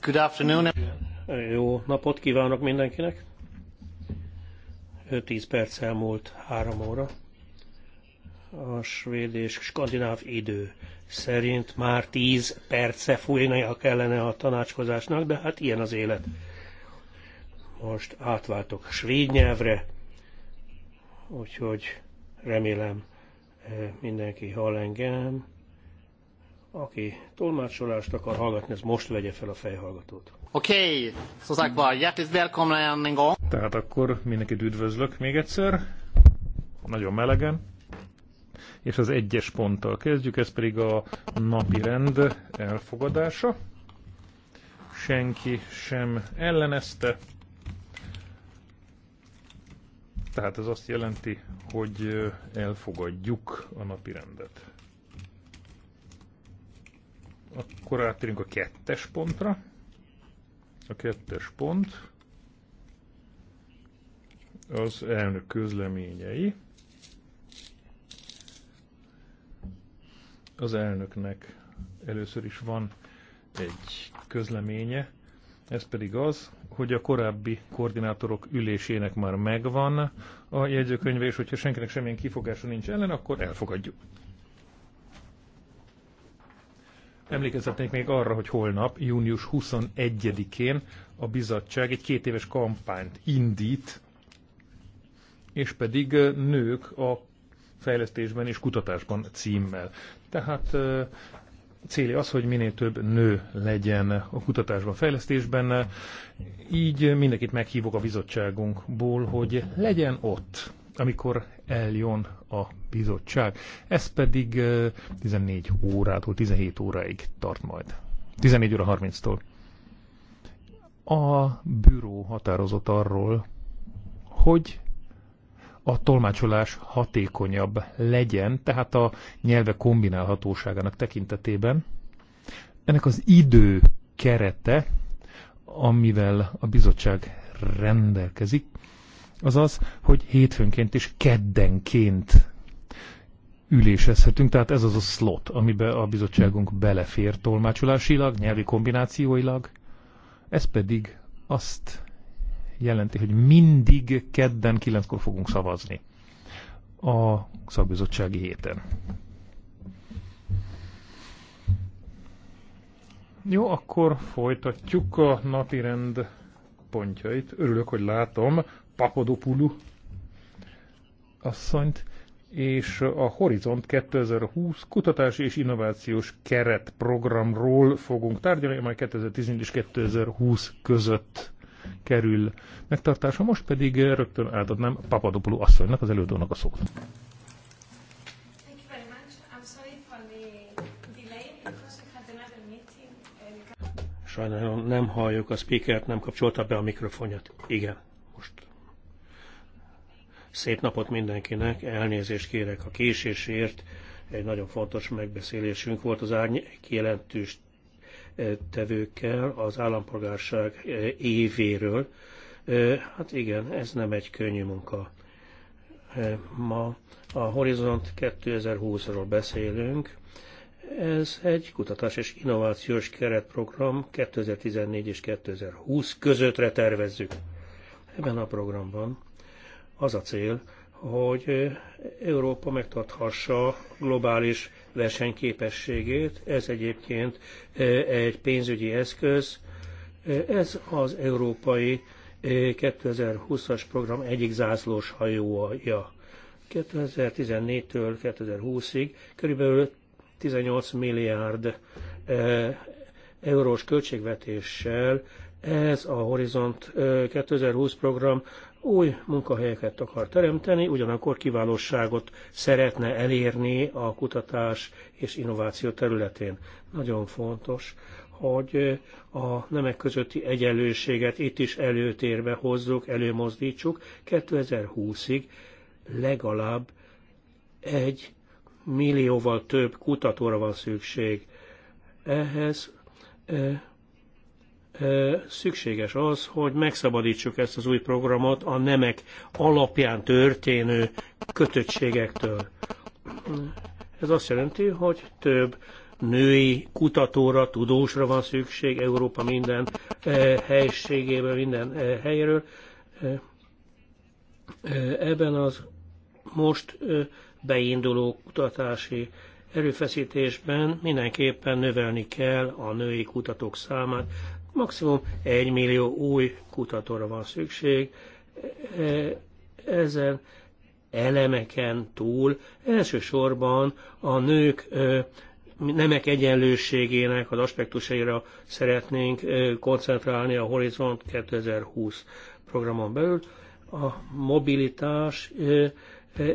Good afternoon. Jó napot kívánok mindenkinek. 5-10 perc elmúlt 3 óra. A svéd és skandináv idő szerint már 10 perce fújnia kellene a tanácskozásnak, de hát ilyen az élet. Most átváltok svéd nyelvre, úgyhogy remélem eh, mindenki hall engem. Aki tolmácsolást akar hallgatni, az most vegye fel a fejhallgatót. Oké, okay. szóval hjertelig välkomna en gång. Tehát akkor mindenkit üdvözlök még egyszer. Nagyon melegen. És az egyes ponttal kezdjük, ez pedig a napi rend elfogadása. Senki sem ellenezte. Tehát ez azt jelenti, hogy elfogadjuk a napi rendet. Akkor áttérünk a kettes pontra. A kettes pont az elnök közleményei. Az elnöknek először is van egy közleménye, ez pedig az, hogy a korábbi koordinátorok ülésének már megvan a jegyzőkönyve, és hogyha senkinek semmilyen kifogása nincs ellen, akkor elfogadjuk. Emlékezhetnék még arra, hogy holnap, június 21-én a bizottság egy két éves kampányt indít, és pedig nők a fejlesztésben és kutatásban címmel. Tehát célja az, hogy minél több nő legyen a kutatásban, fejlesztésben. Így mindenkit meghívok a bizottságunkból, hogy legyen ott amikor eljön a bizottság. Ez pedig 14 órától 17 óráig tart majd. 14 óra 30-tól. A bűró határozott arról, hogy a tolmácsolás hatékonyabb legyen, tehát a nyelve kombinálhatóságának tekintetében. Ennek az idő kerete, amivel a bizottság rendelkezik, az az, hogy hétfőnként és keddenként ülésezhetünk, tehát ez az a slot, amiben a bizottságunk belefér tolmácsolásilag, nyelvi kombinációilag, ez pedig azt jelenti, hogy mindig kedden kilenckor fogunk szavazni a szakbizottsági héten. Jó, akkor folytatjuk a napirend pontjait. Örülök, hogy látom, Papadopulu, asszonyt, és a Horizont 2020 kutatási és innovációs keretprogramról fogunk tárgyalni, amely 2014 és 2020 között kerül megtartása. Most pedig rögtön átadnám Papadopulu asszonynak, az előadónak a szót. Uh, Sajnálom, nem halljuk a speakert, nem kapcsolta be a mikrofonját. Igen. Szép napot mindenkinek, elnézést kérek a késésért. Egy nagyon fontos megbeszélésünk volt az árny jelentős e, tevőkkel az állampolgárság e, évéről. E, hát igen, ez nem egy könnyű munka. Ma a Horizont 2020-ról beszélünk. Ez egy kutatás és innovációs keretprogram 2014 és 2020 közöttre tervezzük. Ebben a programban az a cél, hogy Európa megtarthassa globális versenyképességét. Ez egyébként egy pénzügyi eszköz. Ez az európai 2020-as program egyik zászlós hajója. 2014-től 2020-ig körülbelül 18 milliárd eurós költségvetéssel ez a Horizont 2020 program új munkahelyeket akar teremteni, ugyanakkor kiválóságot szeretne elérni a kutatás és innováció területén. Nagyon fontos, hogy a nemek közötti egyenlőséget itt is előtérbe hozzuk, előmozdítsuk 2020-ig legalább egy millióval több kutatóra van szükség. Ehhez eh, szükséges az, hogy megszabadítsuk ezt az új programot a nemek alapján történő kötöttségektől. Ez azt jelenti, hogy több női kutatóra, tudósra van szükség Európa minden helységéből, minden helyről. Ebben az most beinduló kutatási erőfeszítésben mindenképpen növelni kell a női kutatók számát, Maximum 1 millió új kutatóra van szükség. Ezen elemeken túl elsősorban a nők nemek egyenlőségének az aspektusaira szeretnénk koncentrálni a Horizont 2020 programon belül. A mobilitás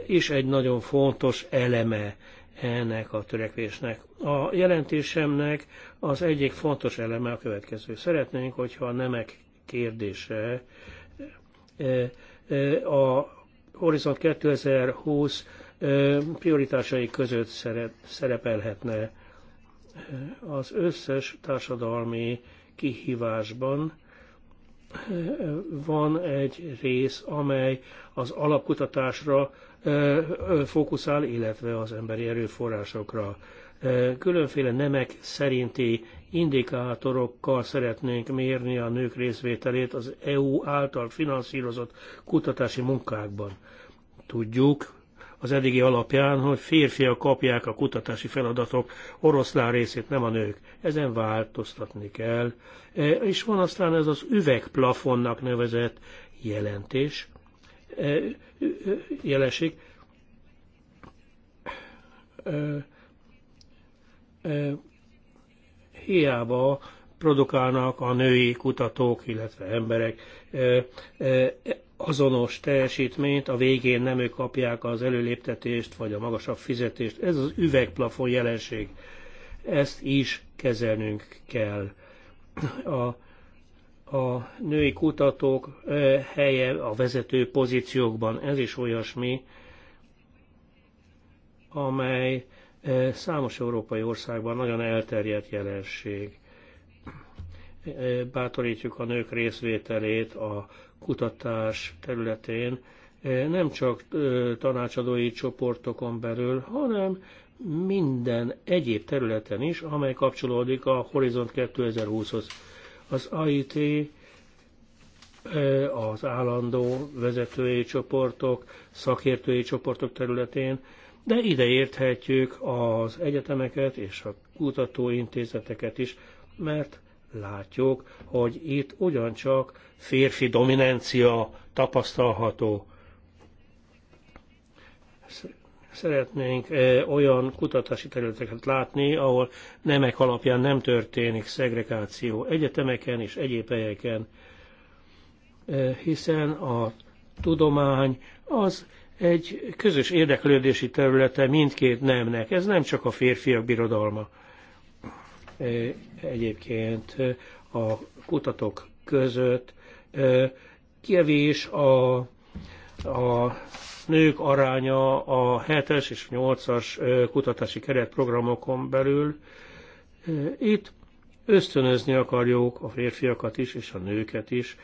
is egy nagyon fontos eleme ennek a törekvésnek. A jelentésemnek az egyik fontos eleme a következő. Szeretnénk, hogyha a nemek kérdése e, e, a Horizont 2020 e, prioritásai között szerepelhetne az összes társadalmi kihívásban van egy rész, amely az alapkutatásra, fókuszál, illetve az emberi erőforrásokra. Különféle nemek szerinti indikátorokkal szeretnénk mérni a nők részvételét az EU által finanszírozott kutatási munkákban. Tudjuk, az eddigi alapján, hogy férfiak kapják a kutatási feladatok oroszlán részét, nem a nők. Ezen változtatni kell. És van aztán ez az üvegplafonnak nevezett jelentés, jelenség. Hiába produkálnak a női kutatók, illetve emberek azonos teljesítményt, a végén nem ők kapják az előléptetést, vagy a magasabb fizetést. Ez az üvegplafon jelenség. Ezt is kezelnünk kell. A a női kutatók helye a vezető pozíciókban. Ez is olyasmi, amely számos európai országban nagyon elterjedt jelenség. Bátorítjuk a nők részvételét a kutatás területén, nem csak tanácsadói csoportokon belül, hanem minden egyéb területen is, amely kapcsolódik a Horizont 2020-hoz az AIT az állandó vezetői csoportok, szakértői csoportok területén, de ide érthetjük az egyetemeket és a kutatóintézeteket is, mert látjuk, hogy itt ugyancsak férfi dominancia tapasztalható. Szeretnénk eh, olyan kutatási területeket látni, ahol nemek alapján nem történik szegregáció egyetemeken és egyéb helyeken, eh, hiszen a tudomány az egy közös érdeklődési területe mindkét nemnek. Ez nem csak a férfiak birodalma. Eh, egyébként a kutatók között kevés a, a nők aránya a 7-es és 8-as kutatási keretprogramokon belül. Itt ösztönözni akarjuk a férfiakat is és a nőket is.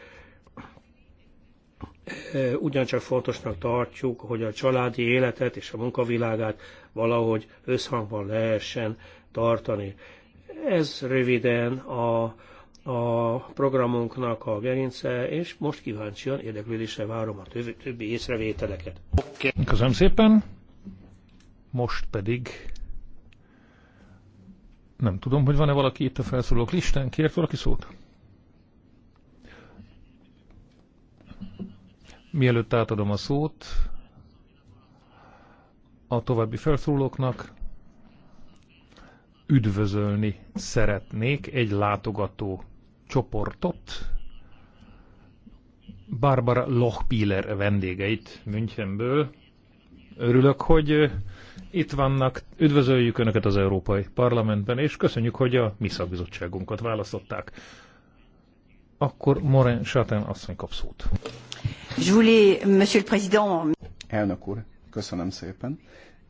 Ugyancsak fontosnak tartjuk, hogy a családi életet és a munkavilágát valahogy összhangban lehessen tartani. Ez röviden a, a programunknak a gerince, és most kíváncsian érdeklődésre várom a többi, többi észrevételeket. Okay. Köszönöm szépen. Most pedig nem tudom, hogy van-e valaki itt a felszólók listán. Kért valaki szót? Mielőtt átadom a szót a további felszólóknak, üdvözölni szeretnék egy látogató csoportot, Barbara Lochpiller vendégeit Münchenből. Örülök, hogy itt vannak, üdvözöljük Önöket az Európai Parlamentben, és köszönjük, hogy a mi szakbizottságunkat választották. Akkor Moren Sáten asszony kap szót. Monsieur le Président. Elnök úr, köszönöm szépen.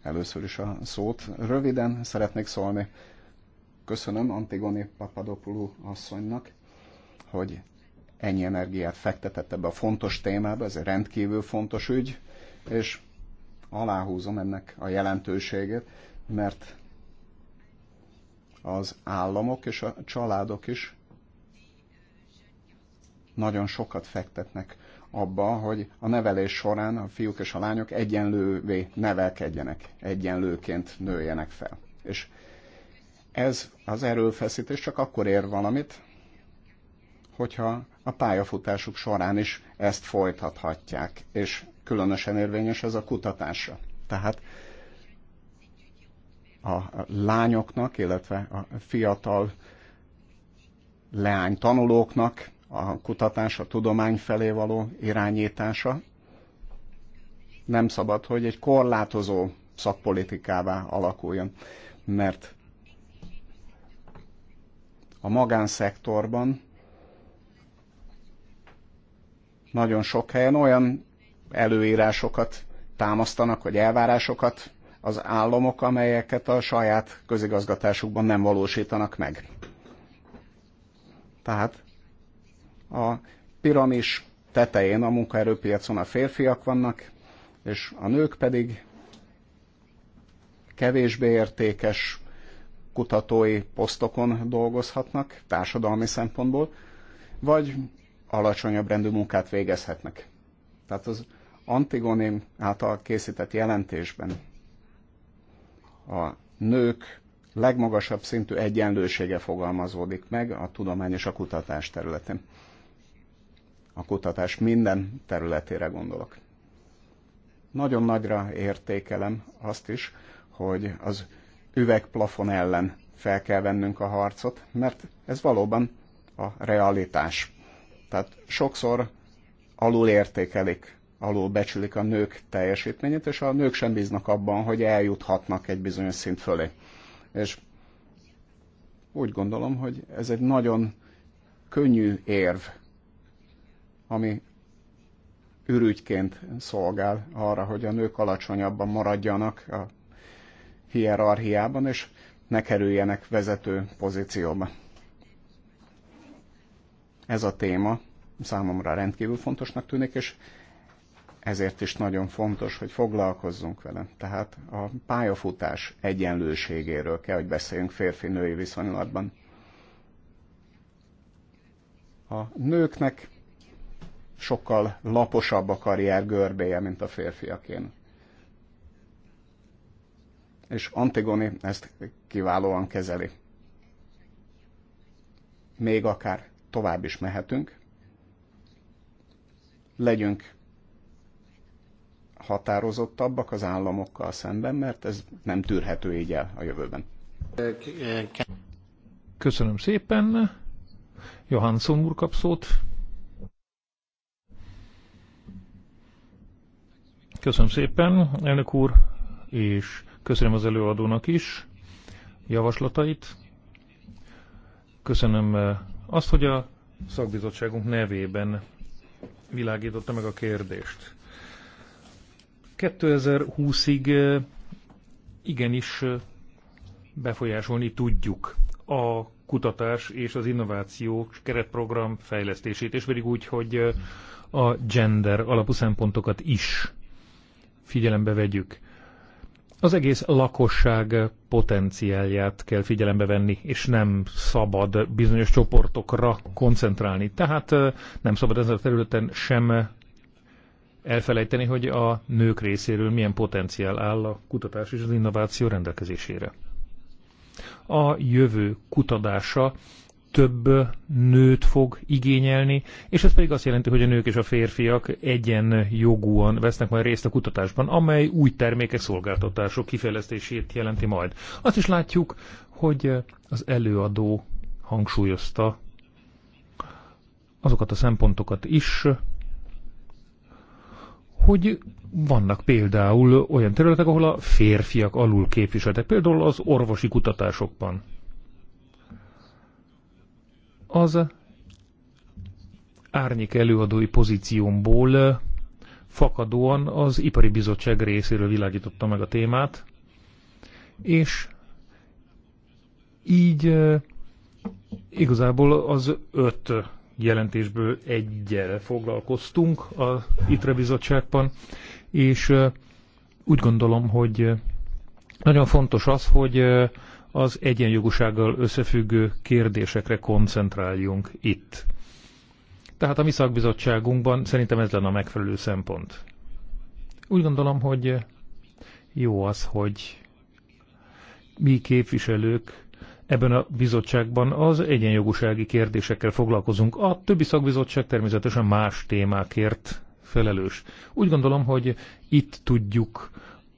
Először is a szót. Röviden szeretnék szólni. Köszönöm Antigoni Papadopoulou asszonynak hogy ennyi energiát fektetett ebbe a fontos témába, ez egy rendkívül fontos ügy, és aláhúzom ennek a jelentőségét, mert az államok és a családok is nagyon sokat fektetnek abba, hogy a nevelés során a fiúk és a lányok egyenlővé nevelkedjenek, egyenlőként nőjenek fel. És ez az erőfeszítés csak akkor ér valamit, hogyha a pályafutásuk során is ezt folytathatják, és különösen érvényes ez a kutatásra. Tehát a lányoknak, illetve a fiatal leány tanulóknak a kutatás, a tudomány felé való irányítása nem szabad, hogy egy korlátozó szakpolitikává alakuljon, mert a magánszektorban nagyon sok helyen olyan előírásokat támasztanak, vagy elvárásokat az államok, amelyeket a saját közigazgatásukban nem valósítanak meg. Tehát a piramis tetején a munkaerőpiacon a férfiak vannak, és a nők pedig kevésbé értékes kutatói posztokon dolgozhatnak társadalmi szempontból, vagy alacsonyabb rendű munkát végezhetnek. Tehát az Antigoném által készített jelentésben a nők legmagasabb szintű egyenlősége fogalmazódik meg a tudomány és a kutatás területén. A kutatás minden területére gondolok. Nagyon nagyra értékelem azt is, hogy az üvegplafon ellen fel kell vennünk a harcot, mert ez valóban a realitás. Tehát sokszor alul értékelik, alul becsülik a nők teljesítményét, és a nők sem bíznak abban, hogy eljuthatnak egy bizonyos szint fölé. És úgy gondolom, hogy ez egy nagyon könnyű érv, ami ürügyként szolgál arra, hogy a nők alacsonyabban maradjanak a hierarchiában, és ne kerüljenek vezető pozícióba. Ez a téma számomra rendkívül fontosnak tűnik, és ezért is nagyon fontos, hogy foglalkozzunk vele. Tehát a pályafutás egyenlőségéről kell, hogy beszéljünk férfi-női viszonylatban. A nőknek sokkal laposabb a karrier görbéje, mint a férfiakén. És Antigoni ezt kiválóan kezeli. Még akár tovább is mehetünk. Legyünk határozottabbak az államokkal szemben, mert ez nem tűrhető így el a jövőben. Köszönöm szépen. Johansson úr kap szót. Köszönöm szépen, elnök úr, és köszönöm az előadónak is javaslatait. Köszönöm eh, az, hogy a szakbizottságunk nevében világította meg a kérdést. 2020-ig igenis befolyásolni tudjuk a kutatás és az innováció keretprogram fejlesztését, és pedig úgy, hogy a gender alapú szempontokat is figyelembe vegyük az egész lakosság potenciálját kell figyelembe venni, és nem szabad bizonyos csoportokra koncentrálni. Tehát nem szabad ezen a területen sem elfelejteni, hogy a nők részéről milyen potenciál áll a kutatás és az innováció rendelkezésére. A jövő kutatása több nőt fog igényelni, és ez pedig azt jelenti, hogy a nők és a férfiak egyen jogúan vesznek majd részt a kutatásban, amely új termékek, szolgáltatások kifejlesztését jelenti majd. Azt is látjuk, hogy az előadó hangsúlyozta azokat a szempontokat is, hogy vannak például olyan területek, ahol a férfiak alul képviseltek, például az orvosi kutatásokban. Az árnyék előadói pozíciómból fakadóan az Ipari Bizottság részéről világította meg a témát, és így igazából az öt jelentésből egyel foglalkoztunk a ITRE bizottságban, és úgy gondolom, hogy nagyon fontos az, hogy az egyenjogúsággal összefüggő kérdésekre koncentráljunk itt. Tehát a mi szakbizottságunkban szerintem ez lenne a megfelelő szempont. Úgy gondolom, hogy jó az, hogy mi képviselők ebben a bizottságban az egyenjogúsági kérdésekkel foglalkozunk. A többi szakbizottság természetesen más témákért felelős. Úgy gondolom, hogy itt tudjuk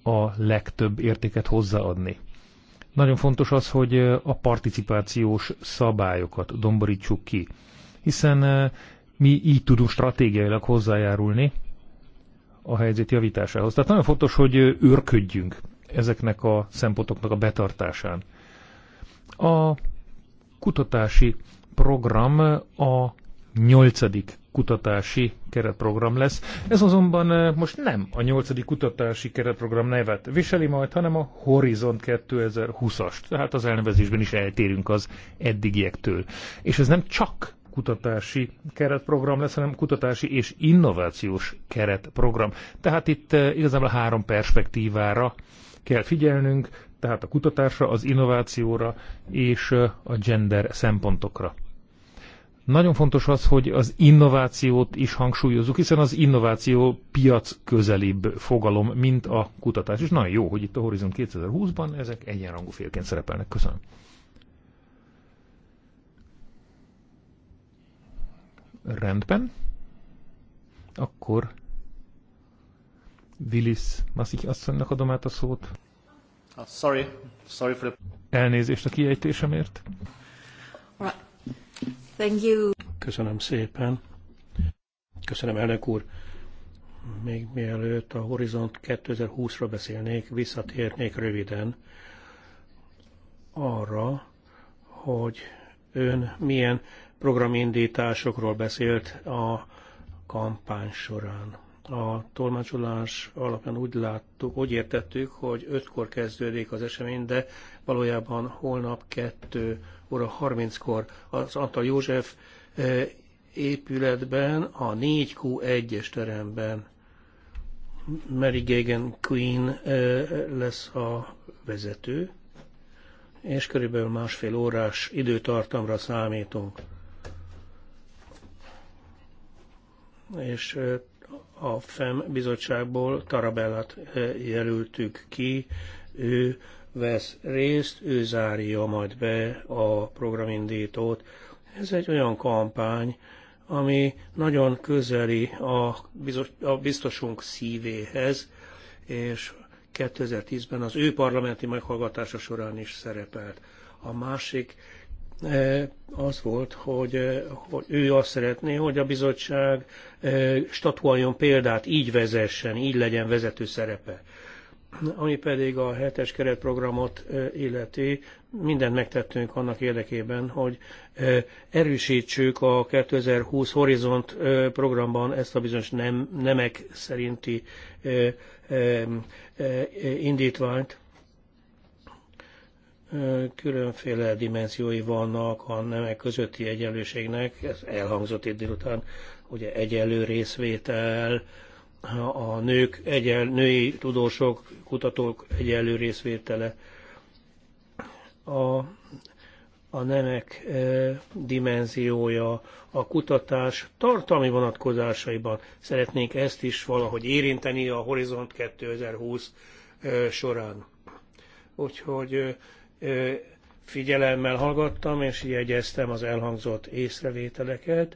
a legtöbb értéket hozzáadni. Nagyon fontos az, hogy a participációs szabályokat domborítsuk ki, hiszen mi így tudunk stratégiailag hozzájárulni a helyzet javításához. Tehát nagyon fontos, hogy őrködjünk ezeknek a szempontoknak a betartásán. A kutatási program a nyolcadik kutatási keretprogram lesz. Ez azonban most nem a nyolcadik kutatási keretprogram nevet viseli majd, hanem a Horizont 2020-as. Tehát az elnevezésben is eltérünk az eddigiektől. És ez nem csak kutatási keretprogram lesz, hanem kutatási és innovációs keretprogram. Tehát itt igazából három perspektívára kell figyelnünk, tehát a kutatásra, az innovációra és a gender szempontokra. Nagyon fontos az, hogy az innovációt is hangsúlyozzuk, hiszen az innováció piac közelibb fogalom, mint a kutatás. És nagyon jó, hogy itt a Horizon 2020-ban ezek egyenrangú félként szerepelnek. Köszönöm. Rendben. Akkor Willis Maszik asszonynak adom át a szót. Ah, sorry. Sorry for the... Elnézést a kiejtésemért. right. Thank you. Köszönöm szépen. Köszönöm, elnök úr. Még mielőtt a Horizont 2020-ra beszélnék, visszatérnék röviden arra, hogy ön milyen programindításokról beszélt a kampány során a tolmácsolás alapján úgy láttuk, úgy értettük, hogy 5-kor kezdődik az esemény, de valójában holnap 2 óra 30-kor az Antal József e, épületben, a 4Q1-es teremben Mary Gagan Queen e, lesz a vezető, és körülbelül másfél órás időtartamra számítunk. És e, a FEM bizottságból Tarabellát eh, jelöltük ki, ő vesz részt, ő zárja majd be a programindítót. Ez egy olyan kampány, ami nagyon közeli a, bizos, a biztosunk szívéhez, és 2010-ben az ő parlamenti meghallgatása során is szerepelt. A másik Eh, az volt, hogy, eh, hogy ő azt szeretné, hogy a bizottság eh, statuáljon példát, így vezessen, így legyen vezető szerepe. Ami pedig a hetes keretprogramot illeti, mindent megtettünk annak érdekében, hogy erősítsük a 2020 Horizont programban ezt a bizonyos nem, nemek szerinti indítványt, különféle dimenziói vannak a nemek közötti egyenlőségnek, ez elhangzott itt délután, ugye egyenlő részvétel, a nők, egyen, női tudósok, kutatók egyenlő részvétele, a, a nemek e, dimenziója, a kutatás tartalmi vonatkozásaiban szeretnénk ezt is valahogy érinteni a Horizont 2020 e, során. Úgyhogy figyelemmel hallgattam és jegyeztem az elhangzott észrevételeket,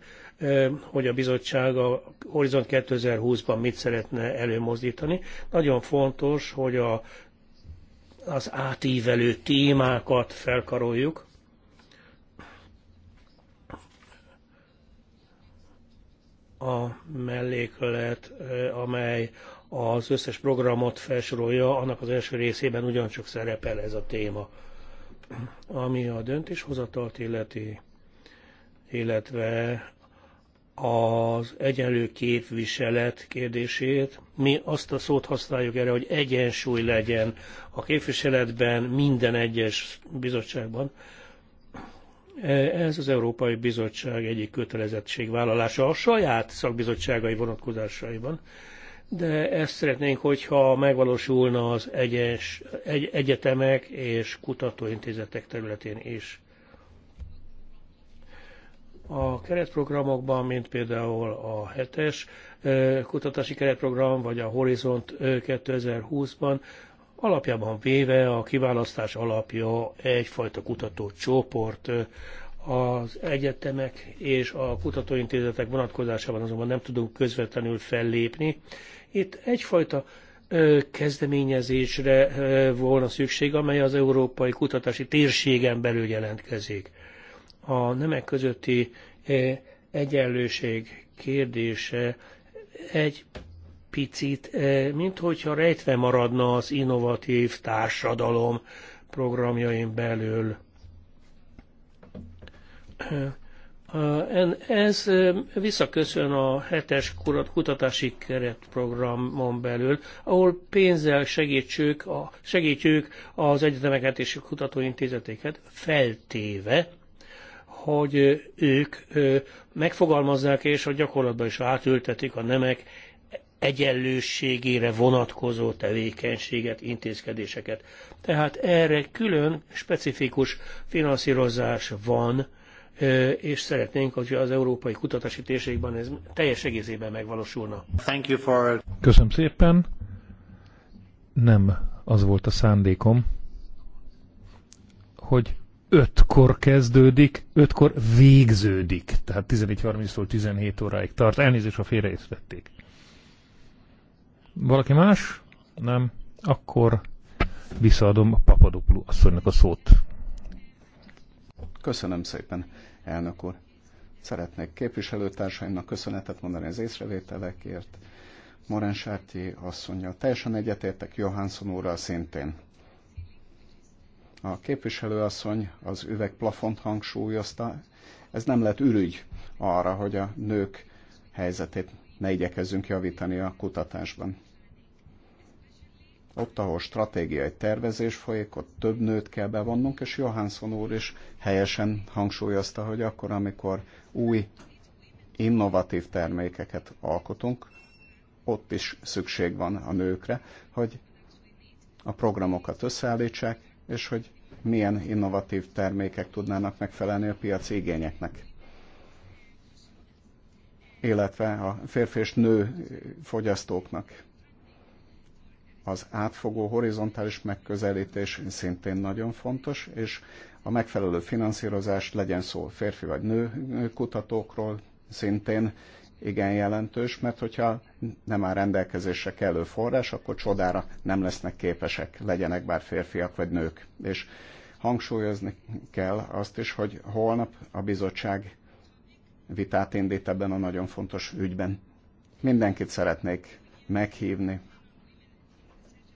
hogy a bizottság a Horizont 2020-ban mit szeretne előmozdítani. Nagyon fontos, hogy a, az átívelő témákat felkaroljuk. A melléklet, amely az összes programot felsorolja, annak az első részében ugyancsak szerepel ez a téma ami a döntéshozatalt illeti, illetve az egyenlő képviselet kérdését. Mi azt a szót használjuk erre, hogy egyensúly legyen a képviseletben minden egyes bizottságban. Ez az Európai Bizottság egyik kötelezettségvállalása a saját szakbizottságai vonatkozásaiban de ezt szeretnénk, hogyha megvalósulna az egyes, egy, egyetemek és kutatóintézetek területén is. A keretprogramokban, mint például a 7-es kutatási keretprogram, vagy a Horizont 2020-ban, alapjában véve a kiválasztás alapja egyfajta kutatócsoport az egyetemek és a kutatóintézetek vonatkozásában azonban nem tudunk közvetlenül fellépni. Itt egyfajta kezdeményezésre volna szükség, amely az európai kutatási térségen belül jelentkezik. A nemek közötti egyenlőség kérdése egy picit, mint hogyha rejtve maradna az innovatív társadalom programjain belül. Ez visszaköszön a hetes kutatási keretprogramon belül, ahol pénzzel segítsük, a, segítjük az egyetemeket és kutatóintézeteket, feltéve, hogy ők megfogalmazzák és a gyakorlatban is átültetik a nemek egyenlőségére vonatkozó tevékenységet, intézkedéseket. Tehát erre külön specifikus finanszírozás van, és szeretnénk, hogy az európai kutatási térségben ez teljes egészében megvalósulna. Thank you for... Köszönöm szépen. Nem az volt a szándékom, hogy ötkor kezdődik, ötkor végződik. Tehát 11.30-tól 17 óráig tart. Elnézést, ha félreértették. Valaki más? Nem? Akkor visszaadom a Papadopoulou asszonynak a szót. Köszönöm szépen, elnök úr. Szeretnék képviselőtársaimnak köszönetet mondani az észrevételekért. Morán Sárti teljesen egyetértek, Johansson úrral szintén. A képviselőasszony az üvegplafont hangsúlyozta. Ez nem lett ürügy arra, hogy a nők helyzetét ne igyekezzünk javítani a kutatásban. Ott, ahol stratégiai tervezés folyik, ott több nőt kell bevonnunk, és Johansson úr is helyesen hangsúlyozta, hogy akkor, amikor új innovatív termékeket alkotunk, ott is szükség van a nőkre, hogy a programokat összeállítsák, és hogy milyen innovatív termékek tudnának megfelelni a piaci igényeknek. Illetve a férfi és nő fogyasztóknak az átfogó horizontális megközelítés szintén nagyon fontos, és a megfelelő finanszírozás, legyen szó férfi vagy nő kutatókról, szintén igen jelentős, mert hogyha nem áll rendelkezésre kellő forrás, akkor csodára nem lesznek képesek, legyenek bár férfiak vagy nők. És hangsúlyozni kell azt is, hogy holnap a bizottság vitát indít ebben a nagyon fontos ügyben. Mindenkit szeretnék meghívni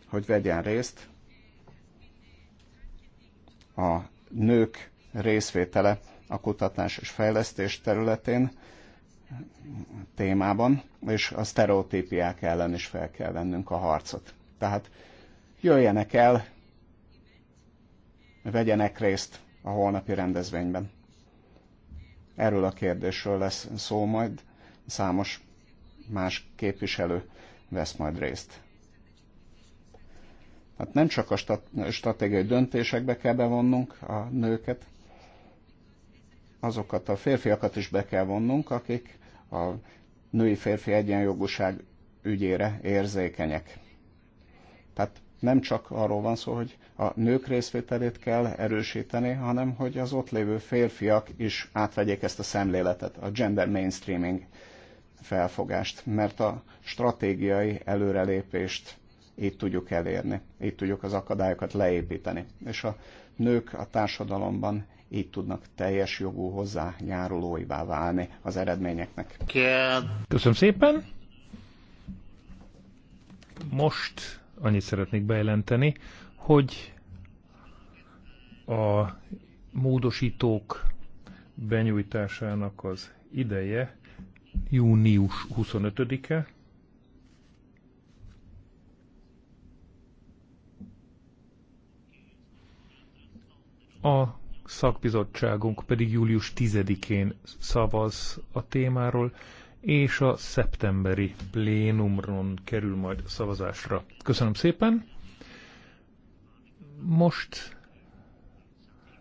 hogy vegyen részt a nők részvétele a kutatás és fejlesztés területén témában, és a sztereotípiák ellen is fel kell vennünk a harcot. Tehát jöjjenek el, vegyenek részt a holnapi rendezvényben. Erről a kérdésről lesz szó majd, számos más képviselő vesz majd részt. Hát nem csak a stratégiai döntésekbe kell bevonnunk a nőket, azokat a férfiakat is be kell vonnunk, akik a női-férfi egyenjogúság ügyére érzékenyek. Tehát nem csak arról van szó, hogy a nők részvételét kell erősíteni, hanem hogy az ott lévő férfiak is átvegyék ezt a szemléletet, a gender mainstreaming felfogást, mert a stratégiai előrelépést így tudjuk elérni, így tudjuk az akadályokat leépíteni. És a nők a társadalomban így tudnak teljes jogú hozzájárulóivá válni az eredményeknek. Köszönöm szépen! Most annyit szeretnék bejelenteni, hogy a módosítók benyújtásának az ideje június 25-e, A szakbizottságunk pedig július 10-én szavaz a témáról, és a szeptemberi plénumron kerül majd szavazásra. Köszönöm szépen! Most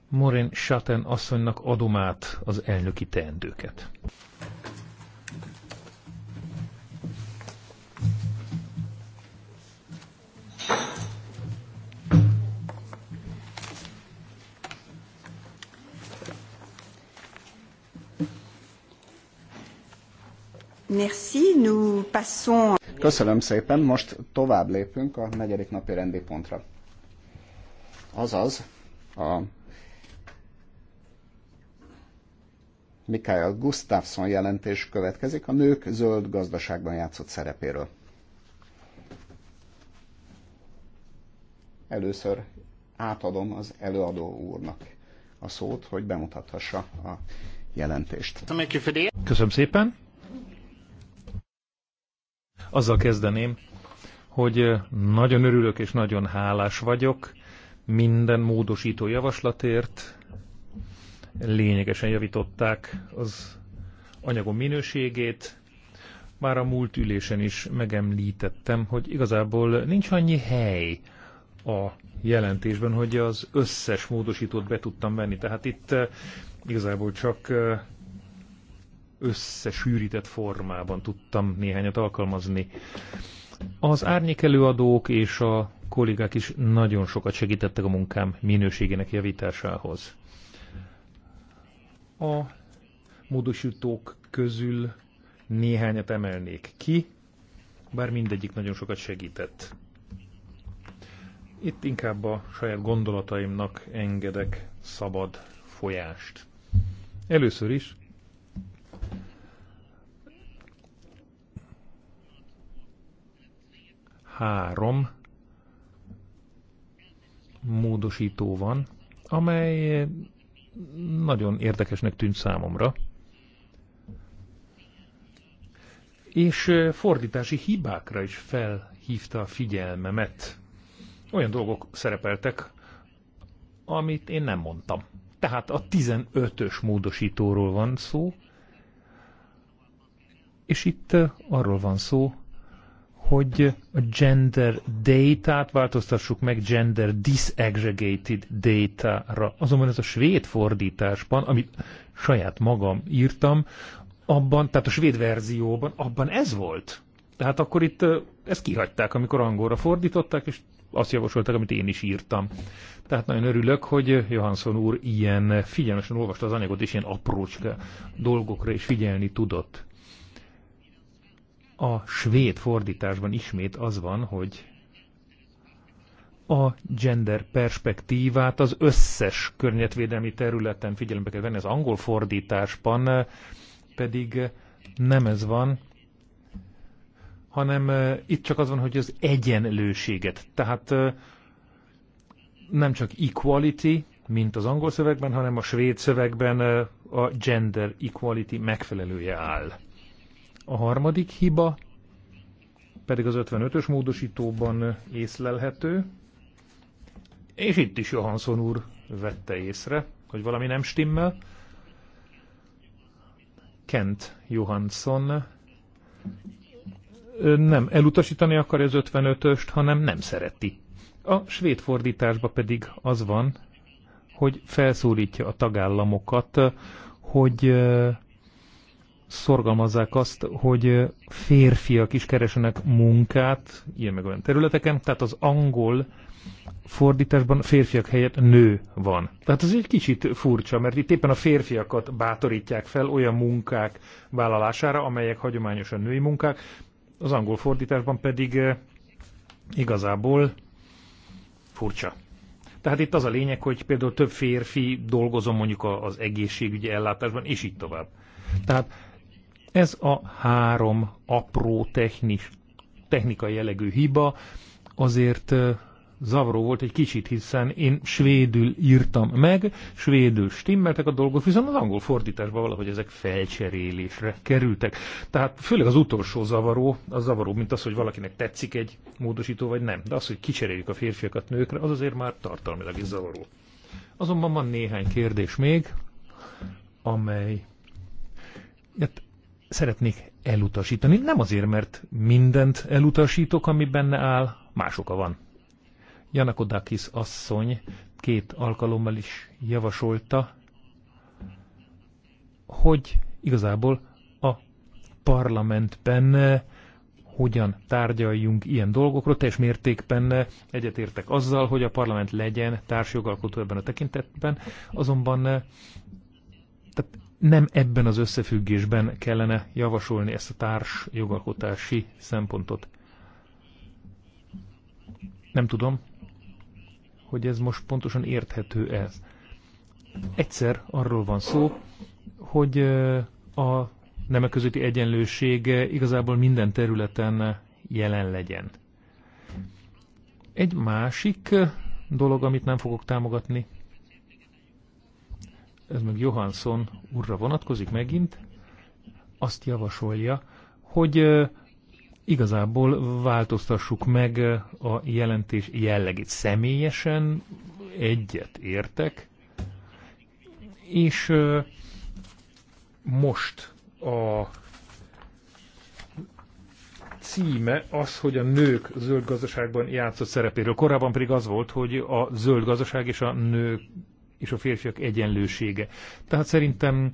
Morin Schatten asszonynak adom át az elnöki teendőket. Merci, nous passons... Köszönöm szépen, most tovább lépünk a negyedik napi rendi pontra. Azaz, a Mikael Gustafsson jelentés következik a nők zöld gazdaságban játszott szerepéről. Először átadom az előadó úrnak a szót, hogy bemutathassa a jelentést. Köszönöm szépen! Azzal kezdeném, hogy nagyon örülök és nagyon hálás vagyok minden módosító javaslatért. Lényegesen javították az anyagom minőségét. Már a múlt ülésen is megemlítettem, hogy igazából nincs annyi hely a jelentésben, hogy az összes módosítót be tudtam venni. Tehát itt igazából csak összesűrített formában tudtam néhányat alkalmazni. Az árnyék előadók és a kollégák is nagyon sokat segítettek a munkám minőségének javításához. A módosítók közül néhányat emelnék ki, bár mindegyik nagyon sokat segített. Itt inkább a saját gondolataimnak engedek szabad folyást. Először is három módosító van, amely nagyon érdekesnek tűnt számomra. És fordítási hibákra is felhívta a figyelmemet. Olyan dolgok szerepeltek, amit én nem mondtam. Tehát a 15-ös módosítóról van szó, és itt arról van szó, hogy a gender data-t változtassuk meg gender disaggregated data-ra. Azonban ez a svéd fordításban, amit saját magam írtam, abban, tehát a svéd verzióban, abban ez volt. Tehát akkor itt ezt kihagyták, amikor angolra fordították, és azt javasolták, amit én is írtam. Tehát nagyon örülök, hogy Johansson úr ilyen figyelmesen olvasta az anyagot, és ilyen aprócska dolgokra is figyelni tudott. A svéd fordításban ismét az van, hogy a gender perspektívát az összes környezetvédelmi területen figyelembe kell venni, az angol fordításban pedig nem ez van, hanem eh, itt csak az van, hogy az egyenlőséget. Tehát eh, nem csak equality, mint az angol szövegben, hanem a svéd szövegben eh, a gender equality megfelelője áll. A harmadik hiba pedig az 55-ös módosítóban észlelhető, és itt is Johansson úr vette észre, hogy valami nem stimmel. Kent Johansson nem elutasítani akarja az 55-öst, hanem nem szereti. A svéd fordításban pedig az van, hogy felszólítja a tagállamokat, hogy szorgalmazzák azt, hogy férfiak is keresenek munkát ilyen meg olyan területeken, tehát az angol fordításban férfiak helyett nő van. Tehát ez egy kicsit furcsa, mert itt éppen a férfiakat bátorítják fel olyan munkák vállalására, amelyek hagyományosan női munkák, az angol fordításban pedig igazából furcsa. Tehát itt az a lényeg, hogy például több férfi dolgozom mondjuk az egészségügyi ellátásban, és így tovább. Tehát ez a három apró technis, technikai jellegű hiba azért zavaró volt egy kicsit, hiszen én svédül írtam meg, svédül stimmeltek a dolgok, viszont az angol fordításban valahogy ezek felcserélésre kerültek. Tehát főleg az utolsó zavaró, az zavaró, mint az, hogy valakinek tetszik egy módosító vagy nem. De az, hogy kicseréljük a férfiakat nőkre, az azért már tartalmilag is zavaró. Azonban van néhány kérdés még, amely hát szeretnék elutasítani. Nem azért, mert mindent elutasítok, ami benne áll, más oka van. Janakodakis asszony két alkalommal is javasolta, hogy igazából a parlamentben eh, hogyan tárgyaljunk ilyen dolgokról. Teljes mértékben eh, egyetértek azzal, hogy a parlament legyen társjogalkotó ebben a tekintetben, azonban eh, nem ebben az összefüggésben kellene javasolni ezt a társ jogalkotási szempontot. Nem tudom, hogy ez most pontosan érthető ez. Egyszer arról van szó, hogy a nemek közötti egyenlőség igazából minden területen jelen legyen. Egy másik dolog, amit nem fogok támogatni, ez meg Johansson urra vonatkozik megint, azt javasolja, hogy igazából változtassuk meg a jelentés jellegét. Személyesen egyet értek, és most a címe az, hogy a nők zöld gazdaságban játszott szerepéről. Korábban pedig az volt, hogy a zöld gazdaság és a nők és a férfiak egyenlősége. Tehát szerintem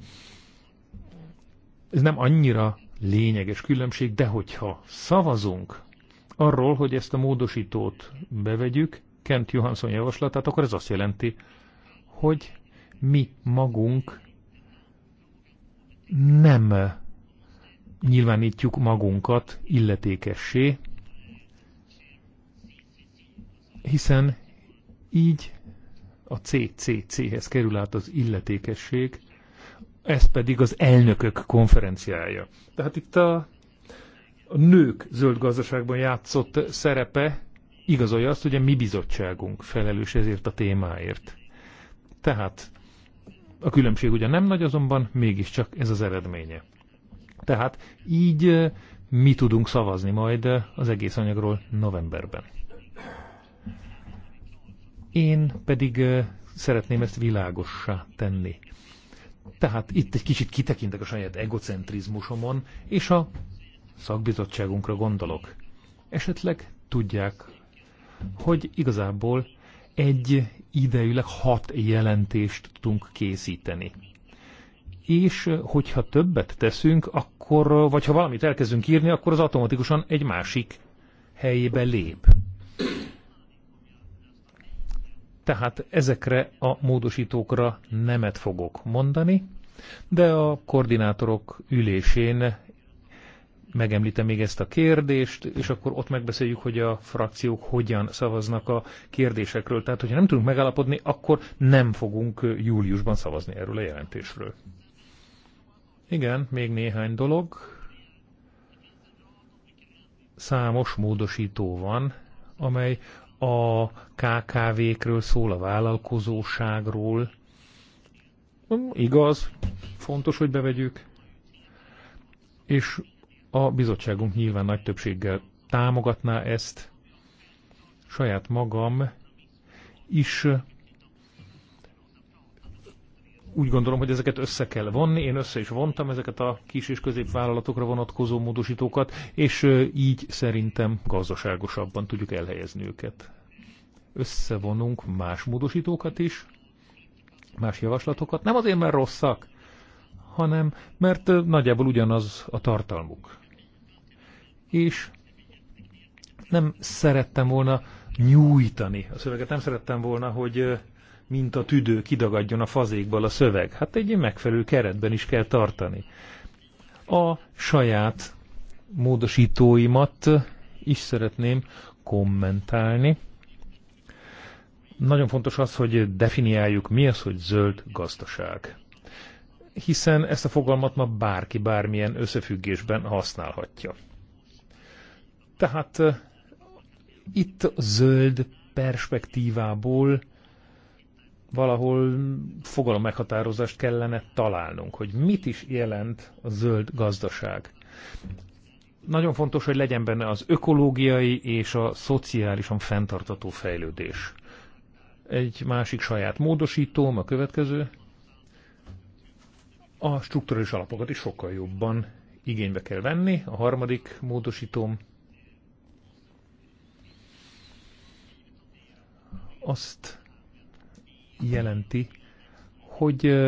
ez nem annyira lényeges különbség, de hogyha szavazunk arról, hogy ezt a módosítót bevegyük, Kent Johansson javaslatát, akkor ez azt jelenti, hogy mi magunk nem nyilvánítjuk magunkat illetékessé, hiszen így a CCC-hez kerül át az illetékesség, ez pedig az elnökök konferenciája. Tehát itt a, a nők zöld gazdaságban játszott szerepe igazolja azt, hogy a mi bizottságunk felelős ezért a témáért. Tehát a különbség ugye nem nagy, azonban mégiscsak ez az eredménye. Tehát így eh, mi tudunk szavazni majd eh, az egész anyagról novemberben. Én pedig szeretném ezt világossá tenni. Tehát itt egy kicsit kitekintek a saját egocentrizmusomon, és a szakbizottságunkra gondolok. Esetleg tudják, hogy igazából egy idejűleg hat jelentést tudunk készíteni. És hogyha többet teszünk, akkor, vagy ha valamit elkezdünk írni, akkor az automatikusan egy másik helyébe lép. Tehát ezekre a módosítókra nemet fogok mondani, de a koordinátorok ülésén megemlítem még ezt a kérdést, és akkor ott megbeszéljük, hogy a frakciók hogyan szavaznak a kérdésekről. Tehát, hogyha nem tudunk megállapodni, akkor nem fogunk júliusban szavazni erről a jelentésről. Igen, még néhány dolog. Számos módosító van, amely a KKV-kről szól, a vállalkozóságról. Hm, igaz, fontos, hogy bevegyük. És a bizottságunk nyilván nagy többséggel támogatná ezt. Saját magam is úgy gondolom, hogy ezeket össze kell vonni. Én össze is vontam ezeket a kis és középvállalatokra vonatkozó módosítókat, és így szerintem gazdaságosabban tudjuk elhelyezni őket. Összevonunk más módosítókat is, más javaslatokat. Nem azért, mert rosszak, hanem mert nagyjából ugyanaz a tartalmuk. És nem szerettem volna nyújtani a szöveget, nem szerettem volna, hogy mint a tüdő kidagadjon a fazékból a szöveg. Hát egy megfelelő keretben is kell tartani. A saját módosítóimat is szeretném kommentálni. Nagyon fontos az, hogy definiáljuk, mi az, hogy zöld gazdaság. Hiszen ezt a fogalmat ma bárki bármilyen összefüggésben használhatja. Tehát eh, itt zöld perspektívából valahol fogalom meghatározást kellene találnunk, hogy mit is jelent a zöld gazdaság. Nagyon fontos, hogy legyen benne az ökológiai és a szociálisan fenntartató fejlődés. Egy másik saját módosítóm, a következő. A strukturális alapokat is sokkal jobban igénybe kell venni. A harmadik módosítóm azt jelenti, hogy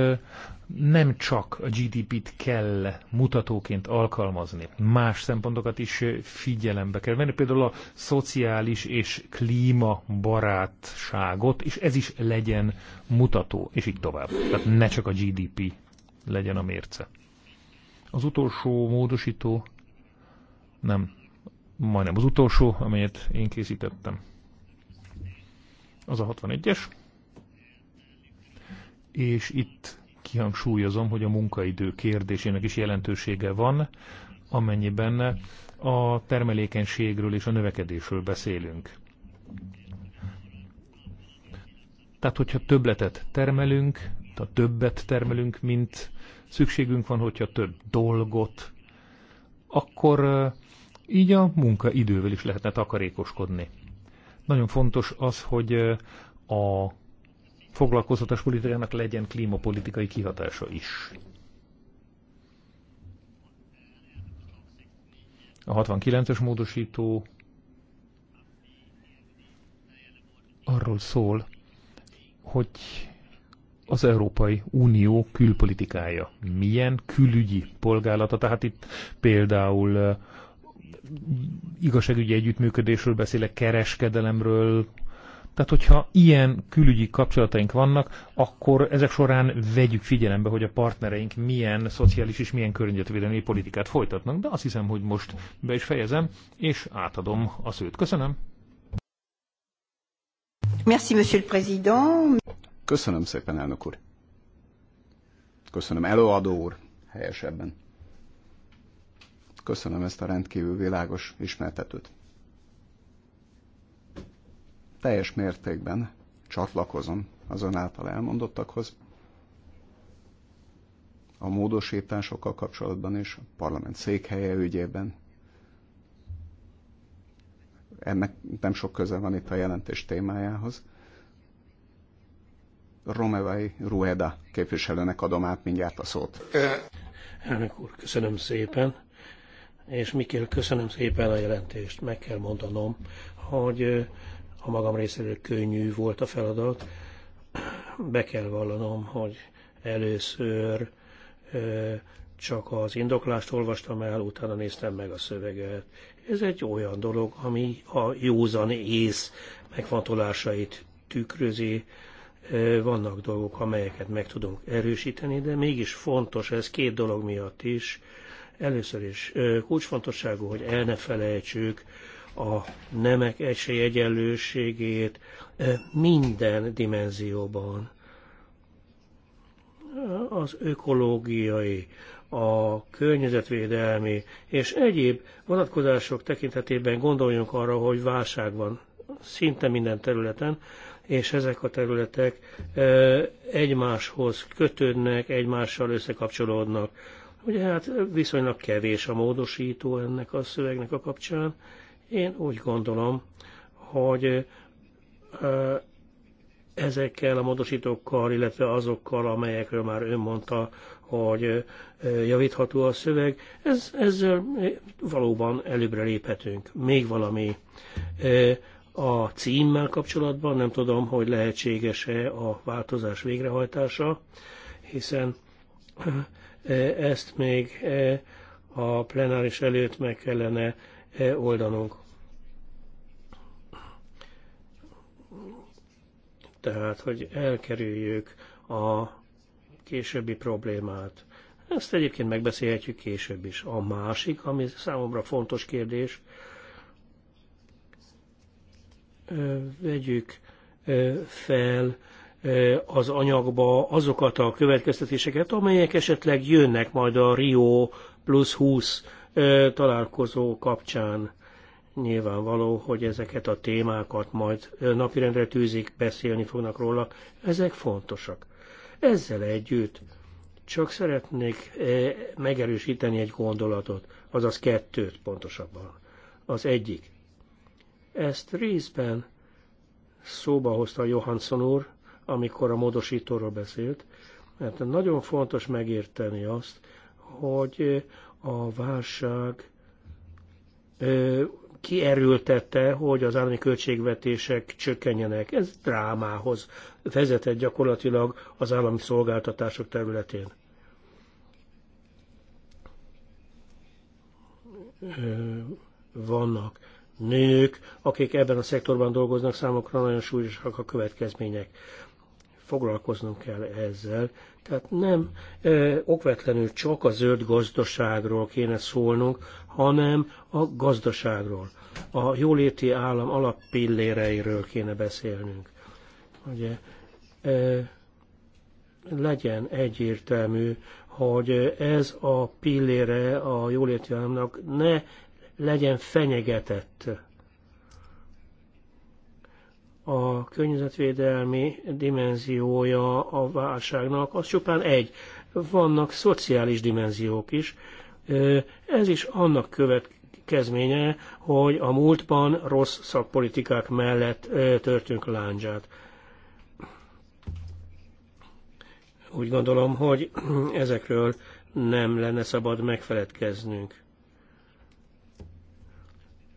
nem csak a GDP-t kell mutatóként alkalmazni, más szempontokat is figyelembe kell venni, például a szociális és klímabarátságot, és ez is legyen mutató, és így tovább. Tehát ne csak a GDP legyen a mérce. Az utolsó módosító, nem, majdnem az utolsó, amelyet én készítettem, az a 61-es és itt kihangsúlyozom, hogy a munkaidő kérdésének is jelentősége van, amennyiben a termelékenységről és a növekedésről beszélünk. Tehát, hogyha többletet termelünk, tehát többet termelünk, mint szükségünk van, hogyha több dolgot, akkor eh, így a munkaidővel is lehetne takarékoskodni. Nagyon fontos az, hogy eh, a foglalkoztatás politikának legyen klímapolitikai kihatása is. A 69-es módosító arról szól, hogy az Európai Unió külpolitikája milyen külügyi polgálata, tehát itt például eh, igazságügyi együttműködésről beszélek, kereskedelemről, tehát, hogyha ilyen külügyi kapcsolataink vannak, akkor ezek során vegyük figyelembe, hogy a partnereink milyen szociális és milyen környezetvédelmi politikát folytatnak. De azt hiszem, hogy most be is fejezem, és átadom a szőt. Köszönöm. Merci, monsieur le président. Köszönöm szépen, elnök úr. Köszönöm, előadó úr, helyesebben. Köszönöm ezt a rendkívül világos ismertetőt teljes mértékben csatlakozom az ön által elmondottakhoz. A módosításokkal kapcsolatban és a parlament székhelye ügyében. Ennek nem sok köze van itt a jelentés témájához. Romevai Rueda képviselőnek adom át mindjárt a szót. Elnök úr, köszönöm szépen, és Mikél, köszönöm szépen a jelentést. Meg kell mondanom, hogy a magam részéről könnyű volt a feladat. Be kell vallanom, hogy először csak az indoklást olvastam el, utána néztem meg a szöveget. Ez egy olyan dolog, ami a józan ész megfontolásait tükrözi. Vannak dolgok, amelyeket meg tudunk erősíteni, de mégis fontos ez két dolog miatt is. Először is kulcsfontosságú, hogy el ne felejtsük a nemek esélyegyenlőségét eh, minden dimenzióban. Az ökológiai, a környezetvédelmi és egyéb vonatkozások tekintetében gondoljunk arra, hogy válság van szinte minden területen, és ezek a területek eh, egymáshoz kötődnek, egymással összekapcsolódnak. Ugye hát viszonylag kevés a módosító ennek a szövegnek a kapcsán, én úgy gondolom, hogy ezekkel a módosítókkal, illetve azokkal, amelyekről már ön mondta, hogy javítható a szöveg, ez, ezzel valóban előbbre léphetünk. Még valami a címmel kapcsolatban, nem tudom, hogy lehetséges-e a változás végrehajtása, hiszen ezt még a plenáris előtt meg kellene oldanunk. Tehát, hogy elkerüljük a későbbi problémát. Ezt egyébként megbeszélhetjük később is. A másik, ami számomra fontos kérdés, vegyük fel az anyagba azokat a következtetéseket, amelyek esetleg jönnek majd a Rio plusz 20 találkozó kapcsán nyilvánvaló, hogy ezeket a témákat majd napirendre tűzik, beszélni fognak róla. Ezek fontosak. Ezzel együtt csak szeretnék megerősíteni egy gondolatot, azaz kettőt pontosabban. Az egyik. Ezt részben szóba hozta Johansson úr, amikor a módosítóról beszélt, mert nagyon fontos megérteni azt, hogy a válság kierültette, hogy az állami költségvetések csökkenjenek. Ez drámához vezetett gyakorlatilag az állami szolgáltatások területén. Vannak nők, akik ebben a szektorban dolgoznak, számokra nagyon súlyosak a következmények foglalkoznunk kell ezzel. Tehát nem e, okvetlenül csak a zöld gazdaságról kéne szólnunk, hanem a gazdaságról, a jóléti állam alappilléreiről kéne beszélnünk. Ugye, e, legyen egyértelmű, hogy ez a pillére a jóléti államnak ne legyen fenyegetett a környezetvédelmi dimenziója a válságnak, az csupán egy. Vannak szociális dimenziók is. Ez is annak következménye, hogy a múltban rossz szakpolitikák mellett törtünk láncsát. Úgy gondolom, hogy ezekről nem lenne szabad megfeledkeznünk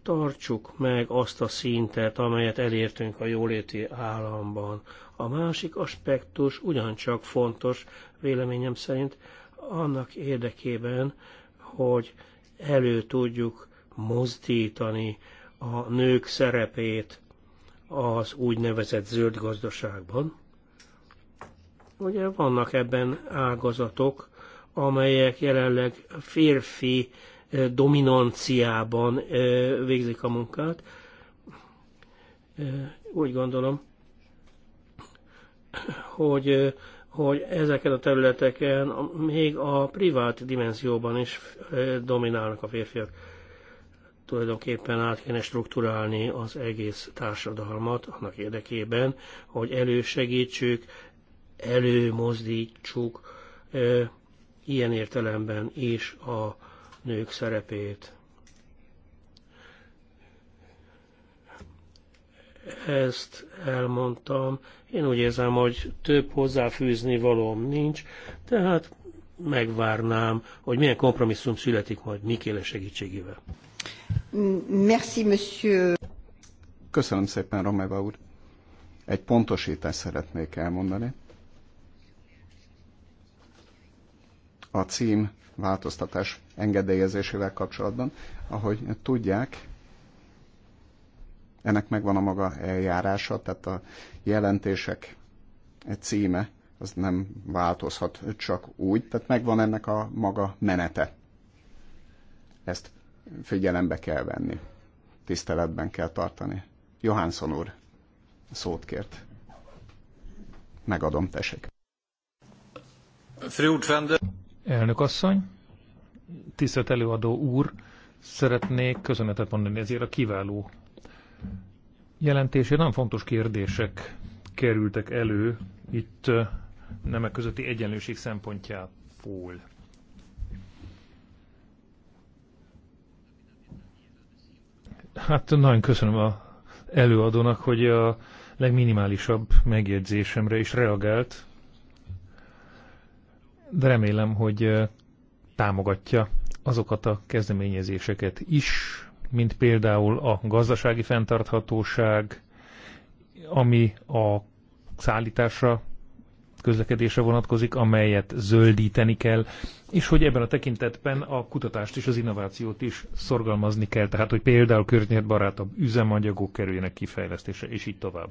tartsuk meg azt a szintet, amelyet elértünk a jóléti államban. A másik aspektus ugyancsak fontos, véleményem szerint, annak érdekében, hogy elő tudjuk mozdítani a nők szerepét az úgynevezett zöld gazdaságban. Ugye vannak ebben ágazatok, amelyek jelenleg férfi dominanciában végzik a munkát. Úgy gondolom, hogy, hogy ezeken a területeken még a privát dimenzióban is dominálnak a férfiak. Tulajdonképpen át kéne strukturálni az egész társadalmat annak érdekében, hogy elősegítsük, előmozdítsuk ilyen értelemben is a nők szerepét. Ezt elmondtam. Én úgy érzem, hogy több hozzáfűzni valóm nincs, tehát megvárnám, hogy milyen kompromisszum születik majd Mikéle segítségével. Merci, monsieur. Köszönöm szépen, Romeva úr. Egy pontosítást szeretnék elmondani. A cím változtatás engedélyezésével kapcsolatban. Ahogy tudják, ennek megvan a maga eljárása, tehát a jelentések címe az nem változhat csak úgy, tehát megvan ennek a maga menete. Ezt figyelembe kell venni, tiszteletben kell tartani. Johansson úr szót kért. Megadom, tessék. Elnök asszony, tisztelt előadó úr, szeretnék köszönetet mondani ezért a kiváló jelentésért. Nagyon fontos kérdések kerültek elő itt nemek közötti egyenlőség szempontjából. Hát nagyon köszönöm a előadónak, hogy a legminimálisabb megjegyzésemre is reagált, de remélem, hogy támogatja azokat a kezdeményezéseket is, mint például a gazdasági fenntarthatóság, ami a szállításra, közlekedésre vonatkozik, amelyet zöldíteni kell, és hogy ebben a tekintetben a kutatást és az innovációt is szorgalmazni kell, tehát hogy például környezetbarátabb üzemanyagok kerüljenek kifejlesztése és így tovább.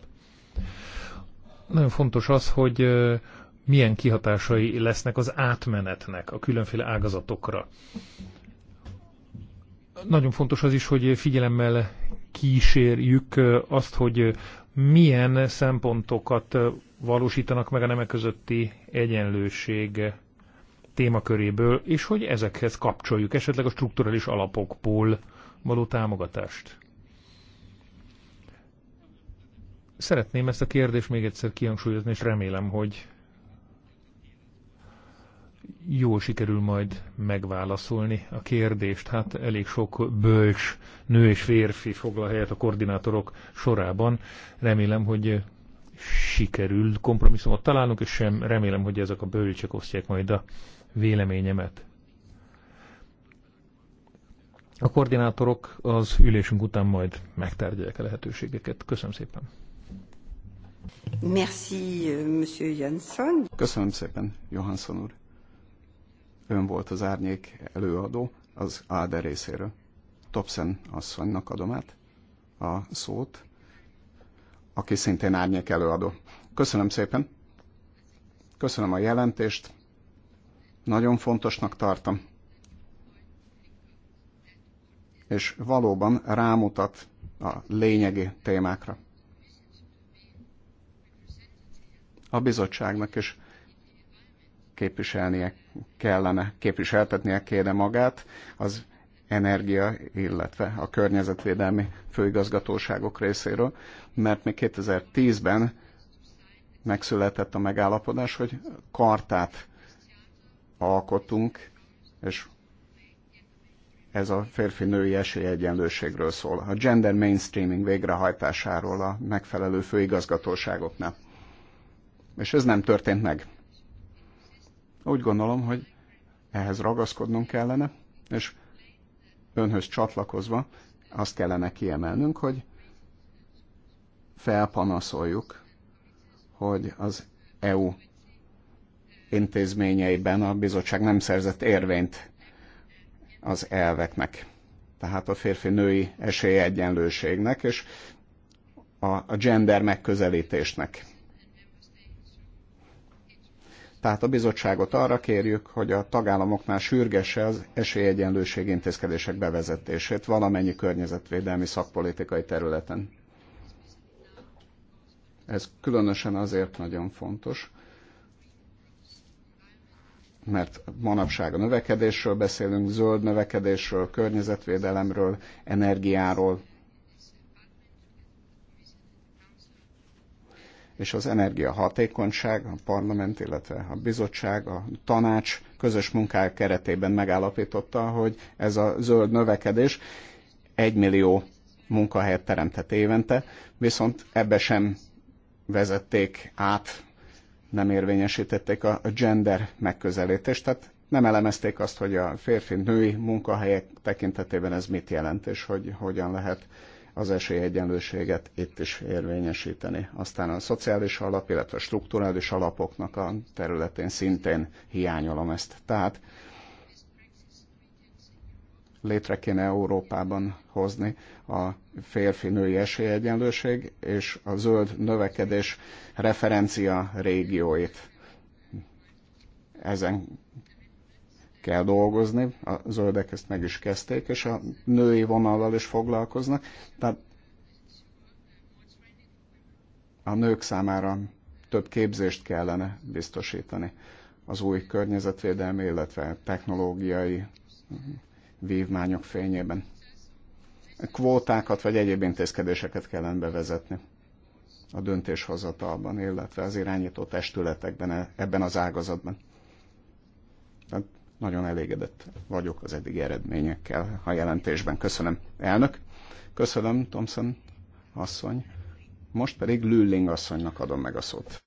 Nagyon fontos az, hogy milyen kihatásai lesznek az átmenetnek a különféle ágazatokra. Nagyon fontos az is, hogy figyelemmel kísérjük azt, hogy milyen szempontokat valósítanak meg a nemek közötti egyenlőség témaköréből, és hogy ezekhez kapcsoljuk esetleg a strukturális alapokból való támogatást. Szeretném ezt a kérdést még egyszer kihangsúlyozni, és remélem, hogy jól sikerül majd megválaszolni a kérdést. Hát elég sok bölcs nő és férfi foglal helyet a koordinátorok sorában. Remélem, hogy sikerül kompromisszumot találnunk, és sem remélem, hogy ezek a bölcsek osztják majd a véleményemet. A koordinátorok az ülésünk után majd megtárgyalják a lehetőségeket. Köszönöm szépen. Merci, euh, Monsieur Jansson. Köszönöm szépen, Johansson úr ön volt az árnyék előadó az Áder részéről. Topsen asszonynak adom át a szót, aki szintén árnyék előadó. Köszönöm szépen, köszönöm a jelentést, nagyon fontosnak tartom, és valóban rámutat a lényegi témákra. A bizottságnak is képviselnie kellene, képviseltetnie kéne magát az energia, illetve a környezetvédelmi főigazgatóságok részéről, mert még 2010-ben megszületett a megállapodás, hogy kartát alkotunk, és ez a férfi-női esélyegyenlőségről szól, a gender mainstreaming végrehajtásáról a megfelelő főigazgatóságoknál. És ez nem történt meg. Úgy gondolom, hogy ehhez ragaszkodnunk kellene, és önhöz csatlakozva azt kellene kiemelnünk, hogy felpanaszoljuk, hogy az EU intézményeiben a bizottság nem szerzett érvényt az elveknek, tehát a férfi-női esélyegyenlőségnek és a gender megközelítésnek tehát a bizottságot arra kérjük, hogy a tagállamoknál sürgesse az esélyegyenlőség intézkedések bevezetését valamennyi környezetvédelmi szakpolitikai területen. Ez különösen azért nagyon fontos, mert manapság a növekedésről beszélünk, zöld növekedésről, környezetvédelemről, energiáról, és az energiahatékonyság, a parlament, illetve a bizottság, a tanács közös munkája keretében megállapította, hogy ez a zöld növekedés 1 millió munkahelyet teremtett évente, viszont ebbe sem vezették át, nem érvényesítették a gender megközelítést, tehát nem elemezték azt, hogy a férfi-női munkahelyek tekintetében ez mit jelent, és hogy hogyan lehet az esélyegyenlőséget itt is érvényesíteni. Aztán a szociális alap, illetve a strukturális alapoknak a területén szintén hiányolom ezt. Tehát létre kéne Európában hozni a férfi-női esélyegyenlőség és a zöld növekedés referencia régióit. Ezen kell dolgozni, a zöldek ezt meg is kezdték, és a női vonallal is foglalkoznak. Tehát a nők számára több képzést kellene biztosítani az új környezetvédelmi, illetve technológiai vívmányok fényében. Kvótákat vagy egyéb intézkedéseket kellene bevezetni a döntéshozatalban, illetve az irányító testületekben, e- ebben az ágazatban. Tehát nagyon elégedett vagyok az eddigi eredményekkel a jelentésben. Köszönöm, elnök. Köszönöm, Thompson asszony. Most pedig Lülling asszonynak adom meg a szót.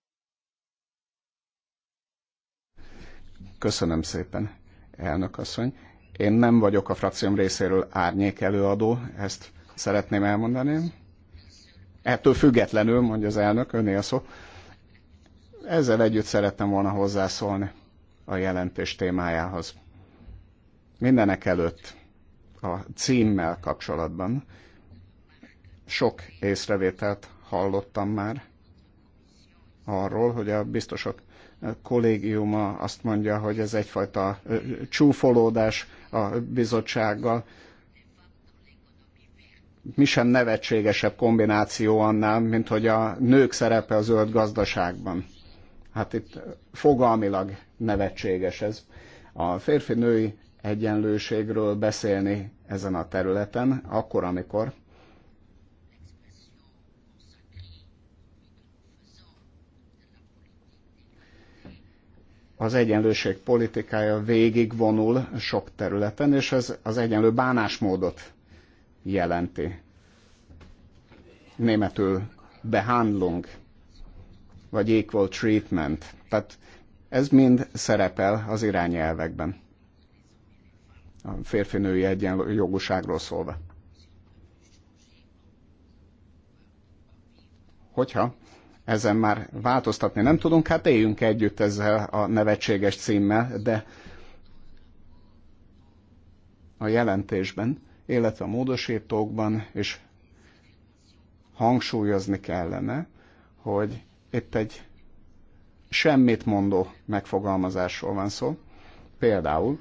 Köszönöm szépen, elnök asszony. Én nem vagyok a frakcióm részéről árnyék előadó, ezt szeretném elmondani. Ettől függetlenül, mondja az elnök, öné a szó. Ezzel együtt szerettem volna hozzászólni a jelentés témájához. Mindenek előtt a címmel kapcsolatban sok észrevételt hallottam már arról, hogy a biztosok kollégiuma azt mondja, hogy ez egyfajta csúfolódás a bizottsággal. Mi sem nevetségesebb kombináció annál, mint hogy a nők szerepe a zöld gazdaságban Hát itt fogalmilag nevetséges ez. A férfi-női egyenlőségről beszélni ezen a területen, akkor, amikor az egyenlőség politikája végigvonul sok területen, és ez az egyenlő bánásmódot jelenti. Németül behandlung vagy equal treatment. Tehát ez mind szerepel az irányelvekben. A férfinői női egyenjogúságról szólva. Hogyha ezen már változtatni nem tudunk, hát éljünk együtt ezzel a nevetséges címmel, de a jelentésben, illetve a módosítókban is hangsúlyozni kellene, hogy itt egy semmit mondó megfogalmazásról van szó. Például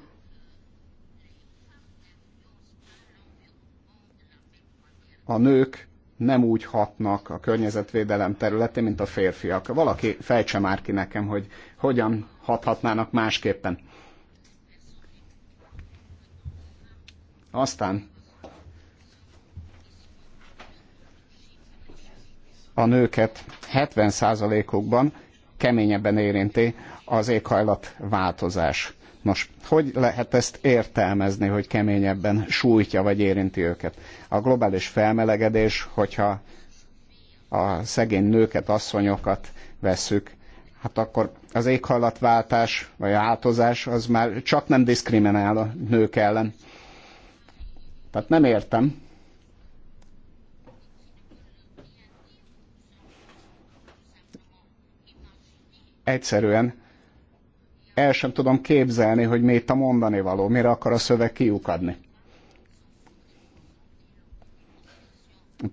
a nők nem úgy hatnak a környezetvédelem területén, mint a férfiak. Valaki fejtse már ki nekem, hogy hogyan hathatnának másképpen. Aztán a nőket 70%-ukban keményebben érinti az éghajlatváltozás. Nos, hogy lehet ezt értelmezni, hogy keményebben sújtja vagy érinti őket? A globális felmelegedés, hogyha a szegény nőket, asszonyokat vesszük, hát akkor az éghajlatváltás vagy változás az már csak nem diszkriminál a nők ellen. Tehát nem értem, egyszerűen el sem tudom képzelni, hogy mi itt a mondani való, mire akar a szöveg kiukadni.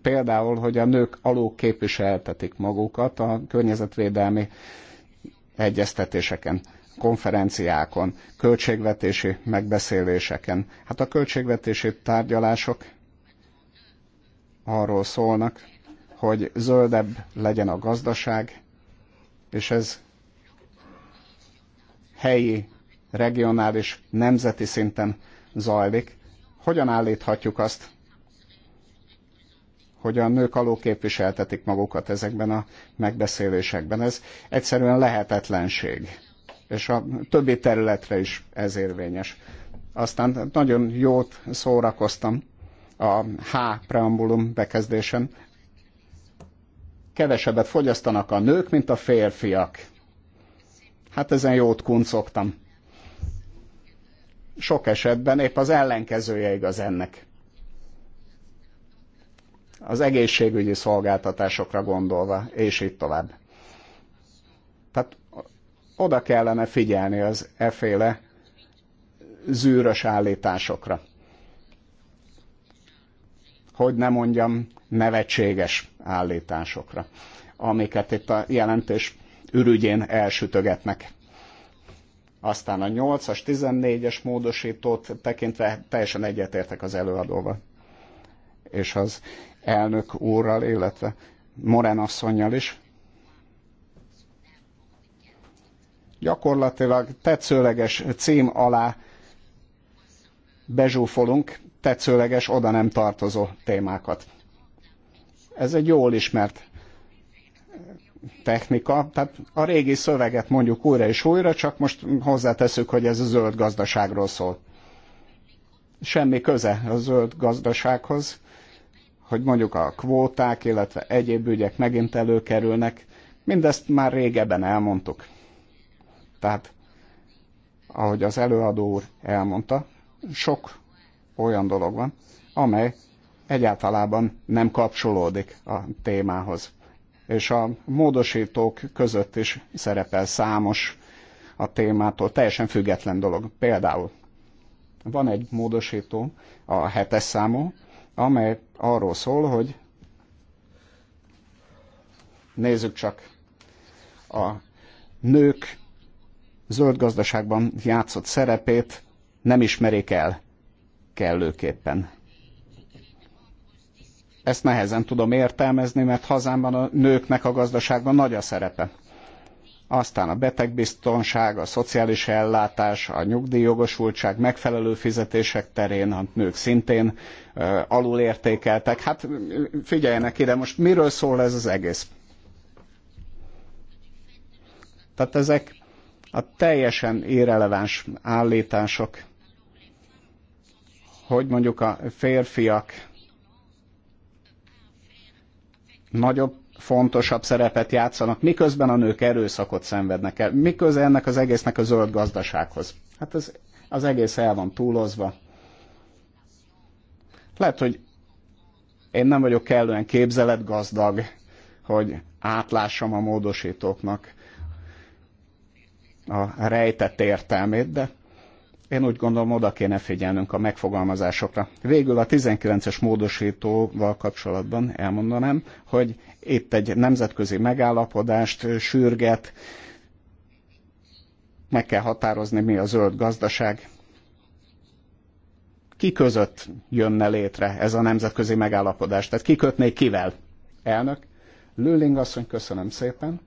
Például, hogy a nők aló képviseltetik magukat a környezetvédelmi egyeztetéseken, konferenciákon, költségvetési megbeszéléseken. Hát a költségvetési tárgyalások arról szólnak, hogy zöldebb legyen a gazdaság, és ez helyi, regionális, nemzeti szinten zajlik, hogyan állíthatjuk azt, hogy a nők alul képviseltetik magukat ezekben a megbeszélésekben. Ez egyszerűen lehetetlenség. És a többi területre is ez érvényes. Aztán nagyon jót szórakoztam a H preambulum bekezdésen. Kevesebbet fogyasztanak a nők, mint a férfiak. Hát ezen jót kuncogtam. Sok esetben épp az ellenkezője igaz ennek. Az egészségügyi szolgáltatásokra gondolva, és így tovább. Tehát oda kellene figyelni az eféle zűrös állításokra. Hogy ne mondjam, nevetséges állításokra, amiket itt a jelentés ürügyén elsütögetnek. Aztán a 8-as, 14-es módosítót tekintve teljesen egyetértek az előadóval. És az elnök úrral, illetve Moren asszonynal is. Gyakorlatilag tetszőleges cím alá bezsúfolunk tetszőleges, oda nem tartozó témákat. Ez egy jól ismert technika, tehát a régi szöveget mondjuk újra és újra, csak most hozzáteszük, hogy ez a zöld gazdaságról szól. Semmi köze a zöld gazdasághoz, hogy mondjuk a kvóták, illetve egyéb ügyek megint előkerülnek, mindezt már régebben elmondtuk. Tehát, ahogy az előadó úr elmondta, sok olyan dolog van, amely egyáltalában nem kapcsolódik a témához és a módosítók között is szerepel számos a témától teljesen független dolog. Például van egy módosító, a hetes számú, amely arról szól, hogy nézzük csak a nők zöld gazdaságban játszott szerepét nem ismerik el kellőképpen. Ezt nehezen tudom értelmezni, mert hazámban a nőknek a gazdaságban nagy a szerepe. Aztán a betegbiztonság, a szociális ellátás, a nyugdíjjogosultság, megfelelő fizetések terén a nők szintén alulértékeltek. Hát figyeljenek ide, most miről szól ez az egész? Tehát ezek a teljesen irreleváns állítások, hogy mondjuk a férfiak nagyobb, fontosabb szerepet játszanak, miközben a nők erőszakot szenvednek el. Miközben ennek az egésznek a zöld gazdasághoz? Hát ez, az egész el van túlozva. Lehet, hogy én nem vagyok kellően képzeletgazdag, hogy átlássam a módosítóknak a rejtett értelmét, de én úgy gondolom, oda kéne figyelnünk a megfogalmazásokra. Végül a 19-es módosítóval kapcsolatban elmondanám, hogy itt egy nemzetközi megállapodást sürget, meg kell határozni, mi a zöld gazdaság. Ki között jönne létre ez a nemzetközi megállapodás? Tehát ki kötné kivel? Elnök, Lőling asszony, köszönöm szépen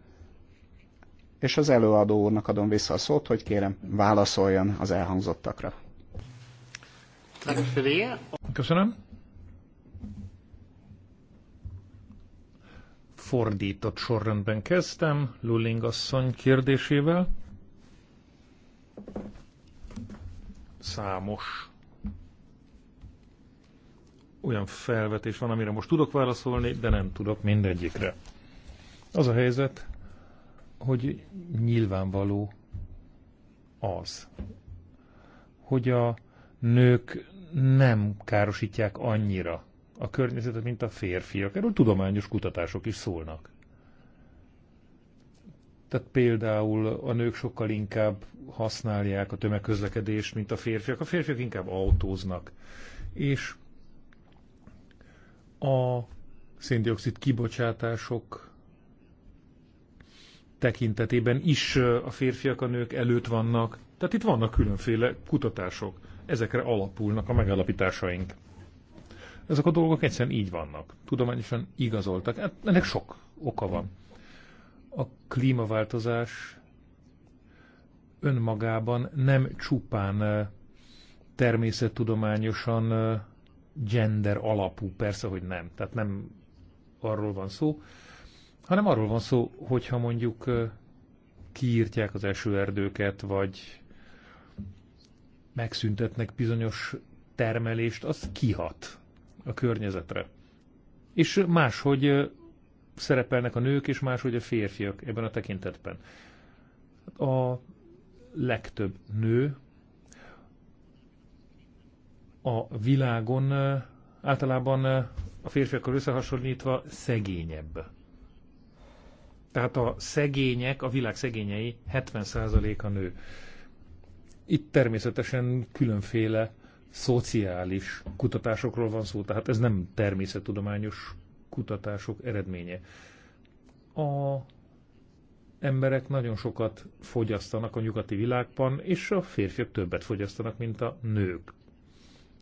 és az előadó úrnak adom vissza a szót, hogy kérem válaszoljon az elhangzottakra. Köszönöm. Fordított sorrendben kezdtem, Luling asszony kérdésével. Számos olyan felvetés van, amire most tudok válaszolni, de nem tudok mindegyikre. Az a helyzet, hogy nyilvánvaló az, hogy a nők nem károsítják annyira a környezetet, mint a férfiak. Erről tudományos kutatások is szólnak. Tehát például a nők sokkal inkább használják a tömegközlekedést, mint a férfiak. A férfiak inkább autóznak. És a széndiokszid kibocsátások tekintetében is a férfiak a nők előtt vannak. Tehát itt vannak különféle kutatások. Ezekre alapulnak a megállapításaink. Ezek a dolgok egyszerűen így vannak. Tudományosan igazoltak. Hát ennek sok oka van. A klímaváltozás önmagában nem csupán természettudományosan gender alapú, persze, hogy nem. Tehát nem arról van szó, hanem arról van szó, hogyha mondjuk kiírtják az esőerdőket, vagy megszüntetnek bizonyos termelést, az kihat a környezetre. És máshogy szerepelnek a nők, és máshogy a férfiak ebben a tekintetben. A legtöbb nő a világon általában a férfiakkal összehasonlítva szegényebb. Tehát a szegények, a világ szegényei 70%-a nő. Itt természetesen különféle szociális kutatásokról van szó, tehát ez nem természettudományos kutatások eredménye. A emberek nagyon sokat fogyasztanak a nyugati világban, és a férfiak többet fogyasztanak, mint a nők.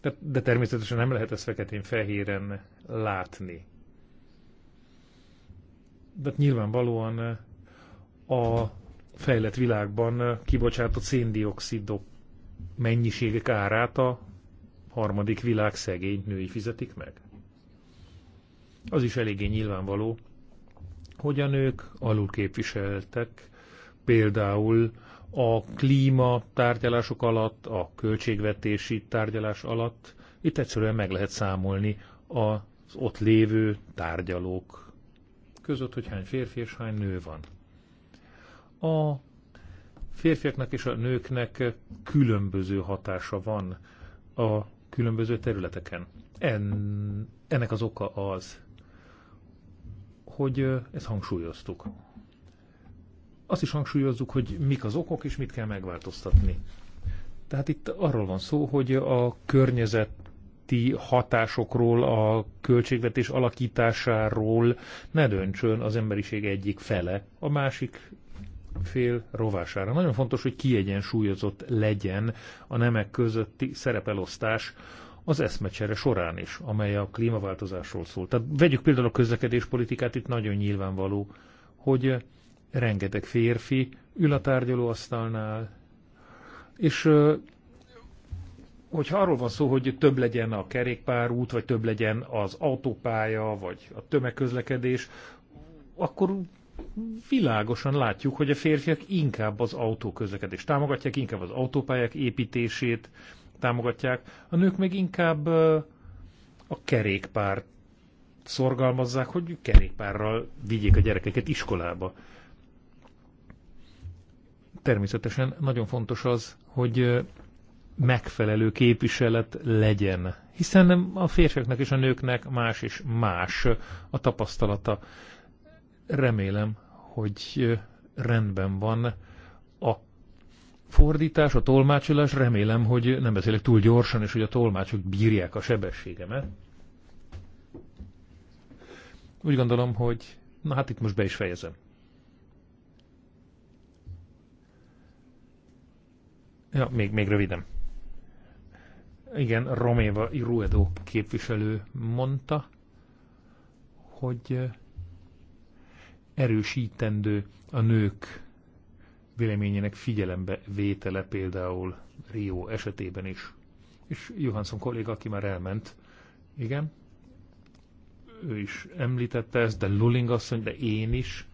De, de természetesen nem lehet ezt feketén-fehéren látni de nyilvánvalóan eh, a fejlett világban eh, kibocsátott széndiokszidok mennyiségek árát a harmadik világ szegény női fizetik meg. Az is eléggé nyilvánvaló, hogy a nők képviseltek, például a klíma tárgyalások alatt, a költségvetési tárgyalás alatt, itt egyszerűen meg lehet számolni az ott lévő tárgyalók között, hogy hány férfi és hány nő van. A férfiaknak és a nőknek különböző hatása van a különböző területeken. En, ennek az oka az, hogy ezt hangsúlyoztuk. Azt is hangsúlyozzuk, hogy mik az okok és mit kell megváltoztatni. Tehát itt arról van szó, hogy a környezet közötti hatásokról, a költségvetés alakításáról ne döntsön az emberiség egyik fele, a másik fél rovására. Nagyon fontos, hogy kiegyensúlyozott legyen a nemek közötti szerepelosztás az eszmecsere során is, amely a klímaváltozásról szól. Tehát vegyük például a közlekedéspolitikát, itt nagyon nyilvánvaló, hogy rengeteg férfi ül a tárgyalóasztalnál, és hogyha arról van szó, hogy több legyen a kerékpárút, vagy több legyen az autópálya, vagy a tömegközlekedés, akkor világosan látjuk, hogy a férfiak inkább az autóközlekedést támogatják, inkább az autópályák építését támogatják, a nők meg inkább a kerékpárt szorgalmazzák, hogy kerékpárral vigyék a gyerekeket iskolába. Természetesen nagyon fontos az, hogy megfelelő képviselet legyen. Hiszen a férfiaknak és a nőknek más és más a tapasztalata. Remélem, hogy rendben van a fordítás, a tolmácsolás. Remélem, hogy nem beszélek túl gyorsan, és hogy a tolmácsok bírják a sebességemet. Úgy gondolom, hogy na hát itt most be is fejezem. Ja, még, még röviden. Igen, Roméva Iruedo képviselő mondta, hogy erősítendő a nők véleményének figyelembe vétele például Rio esetében is. És Johansson kolléga, aki már elment, igen, ő is említette ezt, de Luling asszony, de én is,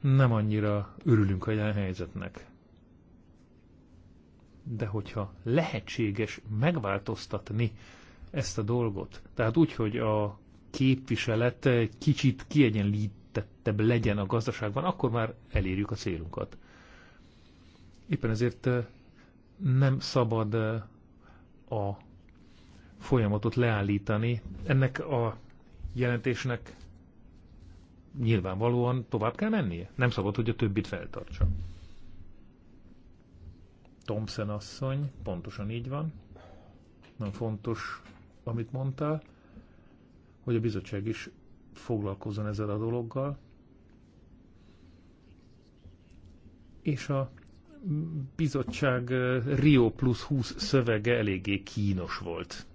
nem annyira örülünk a jelen helyzetnek de hogyha lehetséges megváltoztatni ezt a dolgot, tehát úgy, hogy a képviselet kicsit kiegyenlítettebb legyen a gazdaságban, akkor már elérjük a célunkat. Éppen ezért nem szabad a folyamatot leállítani. Ennek a jelentésnek nyilvánvalóan tovább kell mennie. Nem szabad, hogy a többit feltartsa. Thompson asszony, pontosan így van. Nagyon fontos, amit mondtál, hogy a bizottság is foglalkozzon ezzel a dologgal. És a bizottság eh, Rio plusz 20 szövege eléggé kínos volt.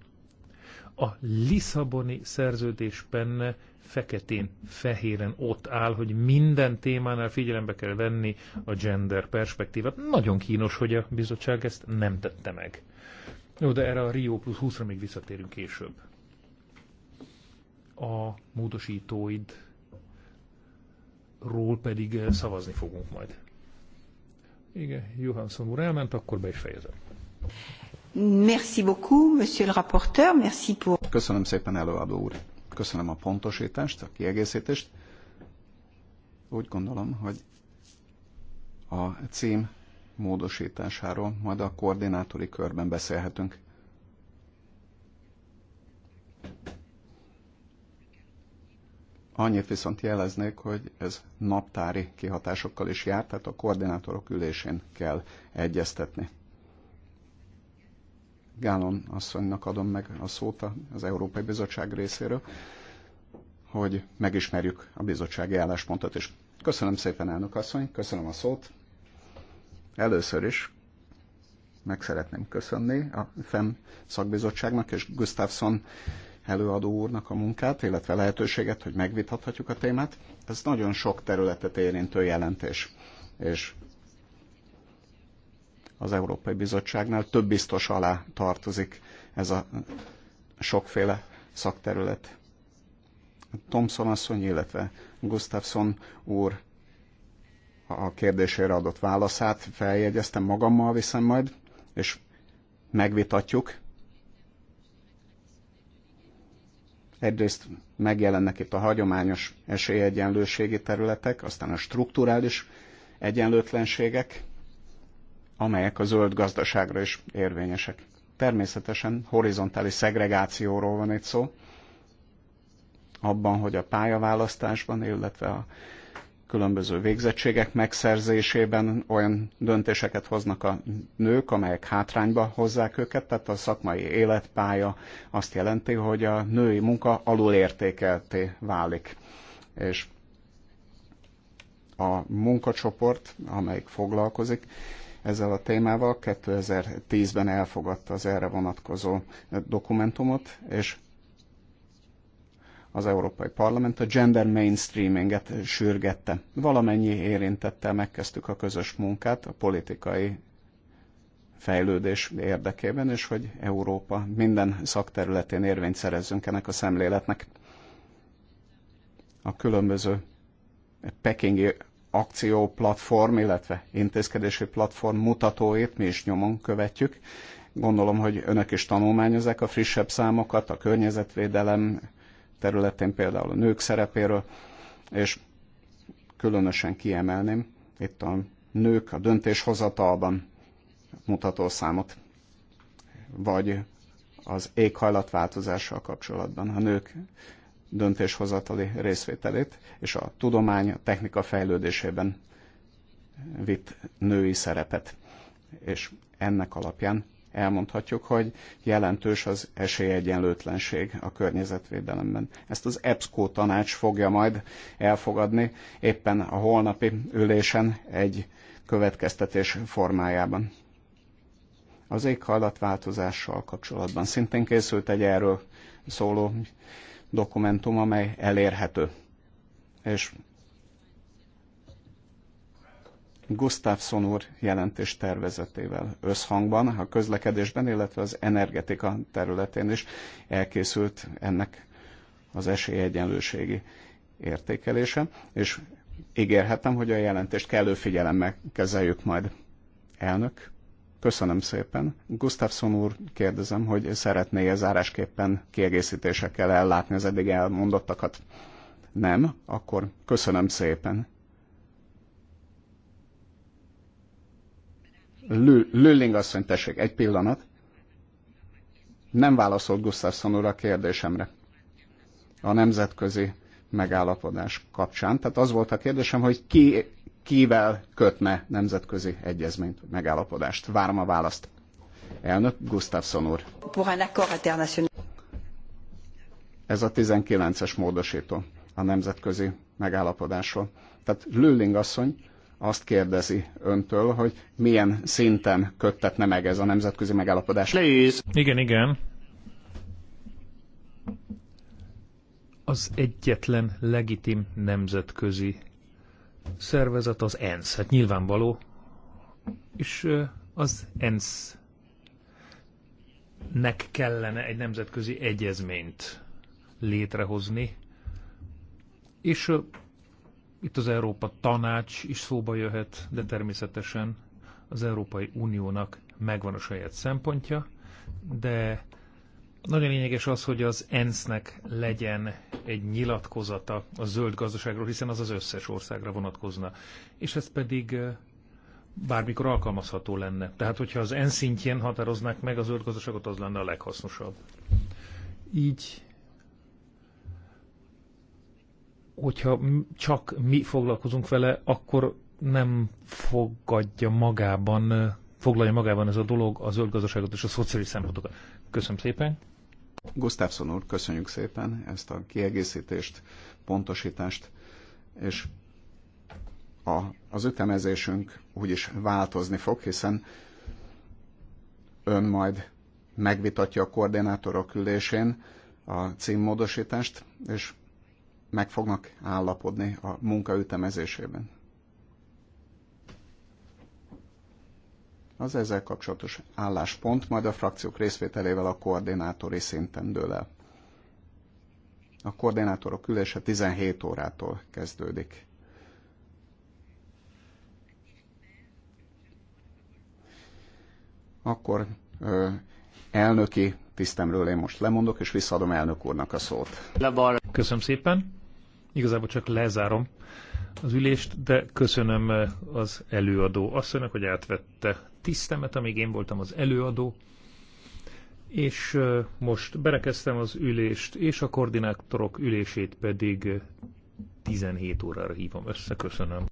A Lisszaboni szerződésben feketén, fehéren ott áll, hogy minden témánál figyelembe kell venni a gender perspektívát. Nagyon kínos, hogy a bizottság ezt nem tette meg. Jó, de erre a Rio plusz 20-ra még visszatérünk később. A módosítóid ról pedig szavazni fogunk majd. Igen, Johansson úr elment, akkor be is fejezem. Merci beaucoup, monsieur le rapporteur, merci pour... Köszönöm szépen, előadó úr. Köszönöm a pontosítást, a kiegészítést. Úgy gondolom, hogy a cím módosításáról majd a koordinátori körben beszélhetünk. Annyit viszont jeleznék, hogy ez naptári kihatásokkal is jár, tehát a koordinátorok ülésén kell egyeztetni. Gálon asszonynak adom meg a szót az Európai Bizottság részéről, hogy megismerjük a bizottsági álláspontot is. Köszönöm szépen, elnök asszony, köszönöm a szót. Először is meg szeretném köszönni a FEM szakbizottságnak és Gustafsson előadó úrnak a munkát, illetve lehetőséget, hogy megvitathatjuk a témát. Ez nagyon sok területet érintő jelentés, és az Európai Bizottságnál több biztos alá tartozik ez a sokféle szakterület. Thomson asszony, illetve Gustafsson úr a kérdésére adott válaszát feljegyeztem magammal, viszem majd, és megvitatjuk. Egyrészt megjelennek itt a hagyományos esélyegyenlőségi területek, aztán a strukturális egyenlőtlenségek, amelyek a zöld gazdaságra is érvényesek. Természetesen horizontális szegregációról van itt szó, abban, hogy a pályaválasztásban, illetve a különböző végzettségek megszerzésében olyan döntéseket hoznak a nők, amelyek hátrányba hozzák őket, tehát a szakmai életpálya azt jelenti, hogy a női munka alulértékelté válik. És a munkacsoport, amelyik foglalkozik ezzel a témával. 2010-ben elfogadta az erre vonatkozó dokumentumot, és az Európai Parlament a gender mainstreaminget sürgette. Valamennyi érintettel megkezdtük a közös munkát a politikai fejlődés érdekében, és hogy Európa minden szakterületén érvényt szerezzünk ennek a szemléletnek. A különböző pekingi akcióplatform, illetve intézkedési platform mutatóit mi is nyomon követjük. Gondolom, hogy önök is tanulmányozzák a frissebb számokat, a környezetvédelem területén például a nők szerepéről, és különösen kiemelném itt a nők a döntéshozatalban mutató számot, vagy az éghajlatváltozással kapcsolatban. A nők döntéshozatali részvételét, és a tudomány, a technika fejlődésében vitt női szerepet. És ennek alapján elmondhatjuk, hogy jelentős az esélyegyenlőtlenség a környezetvédelemben. Ezt az EBSCO tanács fogja majd elfogadni éppen a holnapi ülésen egy következtetés formájában. Az éghajlatváltozással kapcsolatban szintén készült egy erről szóló dokumentum, amely elérhető. És Gustafsson úr jelentés tervezetével összhangban, a közlekedésben, illetve az energetika területén is elkészült ennek az esélyegyenlőségi értékelése, és ígérhetem, hogy a jelentést kellő figyelemmel kezeljük majd. Elnök, Köszönöm szépen. Gustafsson úr, kérdezem, hogy szeretné-e zárásképpen kiegészítésekkel ellátni az eddig elmondottakat? Nem? Akkor köszönöm szépen. Lülling Lőling asszony, tessék, egy pillanat. Nem válaszolt Gustafsson úr a kérdésemre. A nemzetközi megállapodás kapcsán. Tehát az volt a kérdésem, hogy ki kivel kötne nemzetközi egyezményt, megállapodást. Várom a választ. Elnök Gustafsson úr. Ez a 19-es módosító a nemzetközi megállapodásról. Tehát Lülling asszony azt kérdezi öntől, hogy milyen szinten köttetne meg ez a nemzetközi megállapodás. Please. Igen, igen. Az egyetlen legitim nemzetközi szervezet az ENSZ, hát nyilvánvaló, és az ENSZ nek kellene egy nemzetközi egyezményt létrehozni, és itt az Európa Tanács is szóba jöhet, de természetesen az Európai Uniónak megvan a saját szempontja, de nagyon lényeges az, hogy az ENSZ-nek legyen egy nyilatkozata a zöld gazdaságról, hiszen az az összes országra vonatkozna. És ez pedig bármikor alkalmazható lenne. Tehát, hogyha az ENSZ szintjén határoznák meg a zöld gazdaságot, az lenne a leghasznosabb. Így, hogyha csak mi foglalkozunk vele, akkor nem fogadja magában, foglalja magában ez a dolog a zöld gazdaságot és a szociális szempontokat. Köszönöm szépen! Gustafsson úr, köszönjük szépen ezt a kiegészítést, pontosítást, és a, az ütemezésünk úgyis változni fog, hiszen ön majd megvitatja a koordinátorok ülésén a címmódosítást, és meg fognak állapodni a munka ütemezésében. Az ezzel kapcsolatos álláspont majd a frakciók részvételével a koordinátori szinten dől el. A koordinátorok ülése 17 órától kezdődik. Akkor ö, elnöki tisztemről én most lemondok, és visszaadom elnök úrnak a szót. Köszönöm szépen. Igazából csak lezárom az ülést, de köszönöm az előadó asszonynak, hogy átvette tisztemet, amíg én voltam az előadó, és most berekeztem az ülést, és a koordinátorok ülését pedig 17 órára hívom össze. Köszönöm.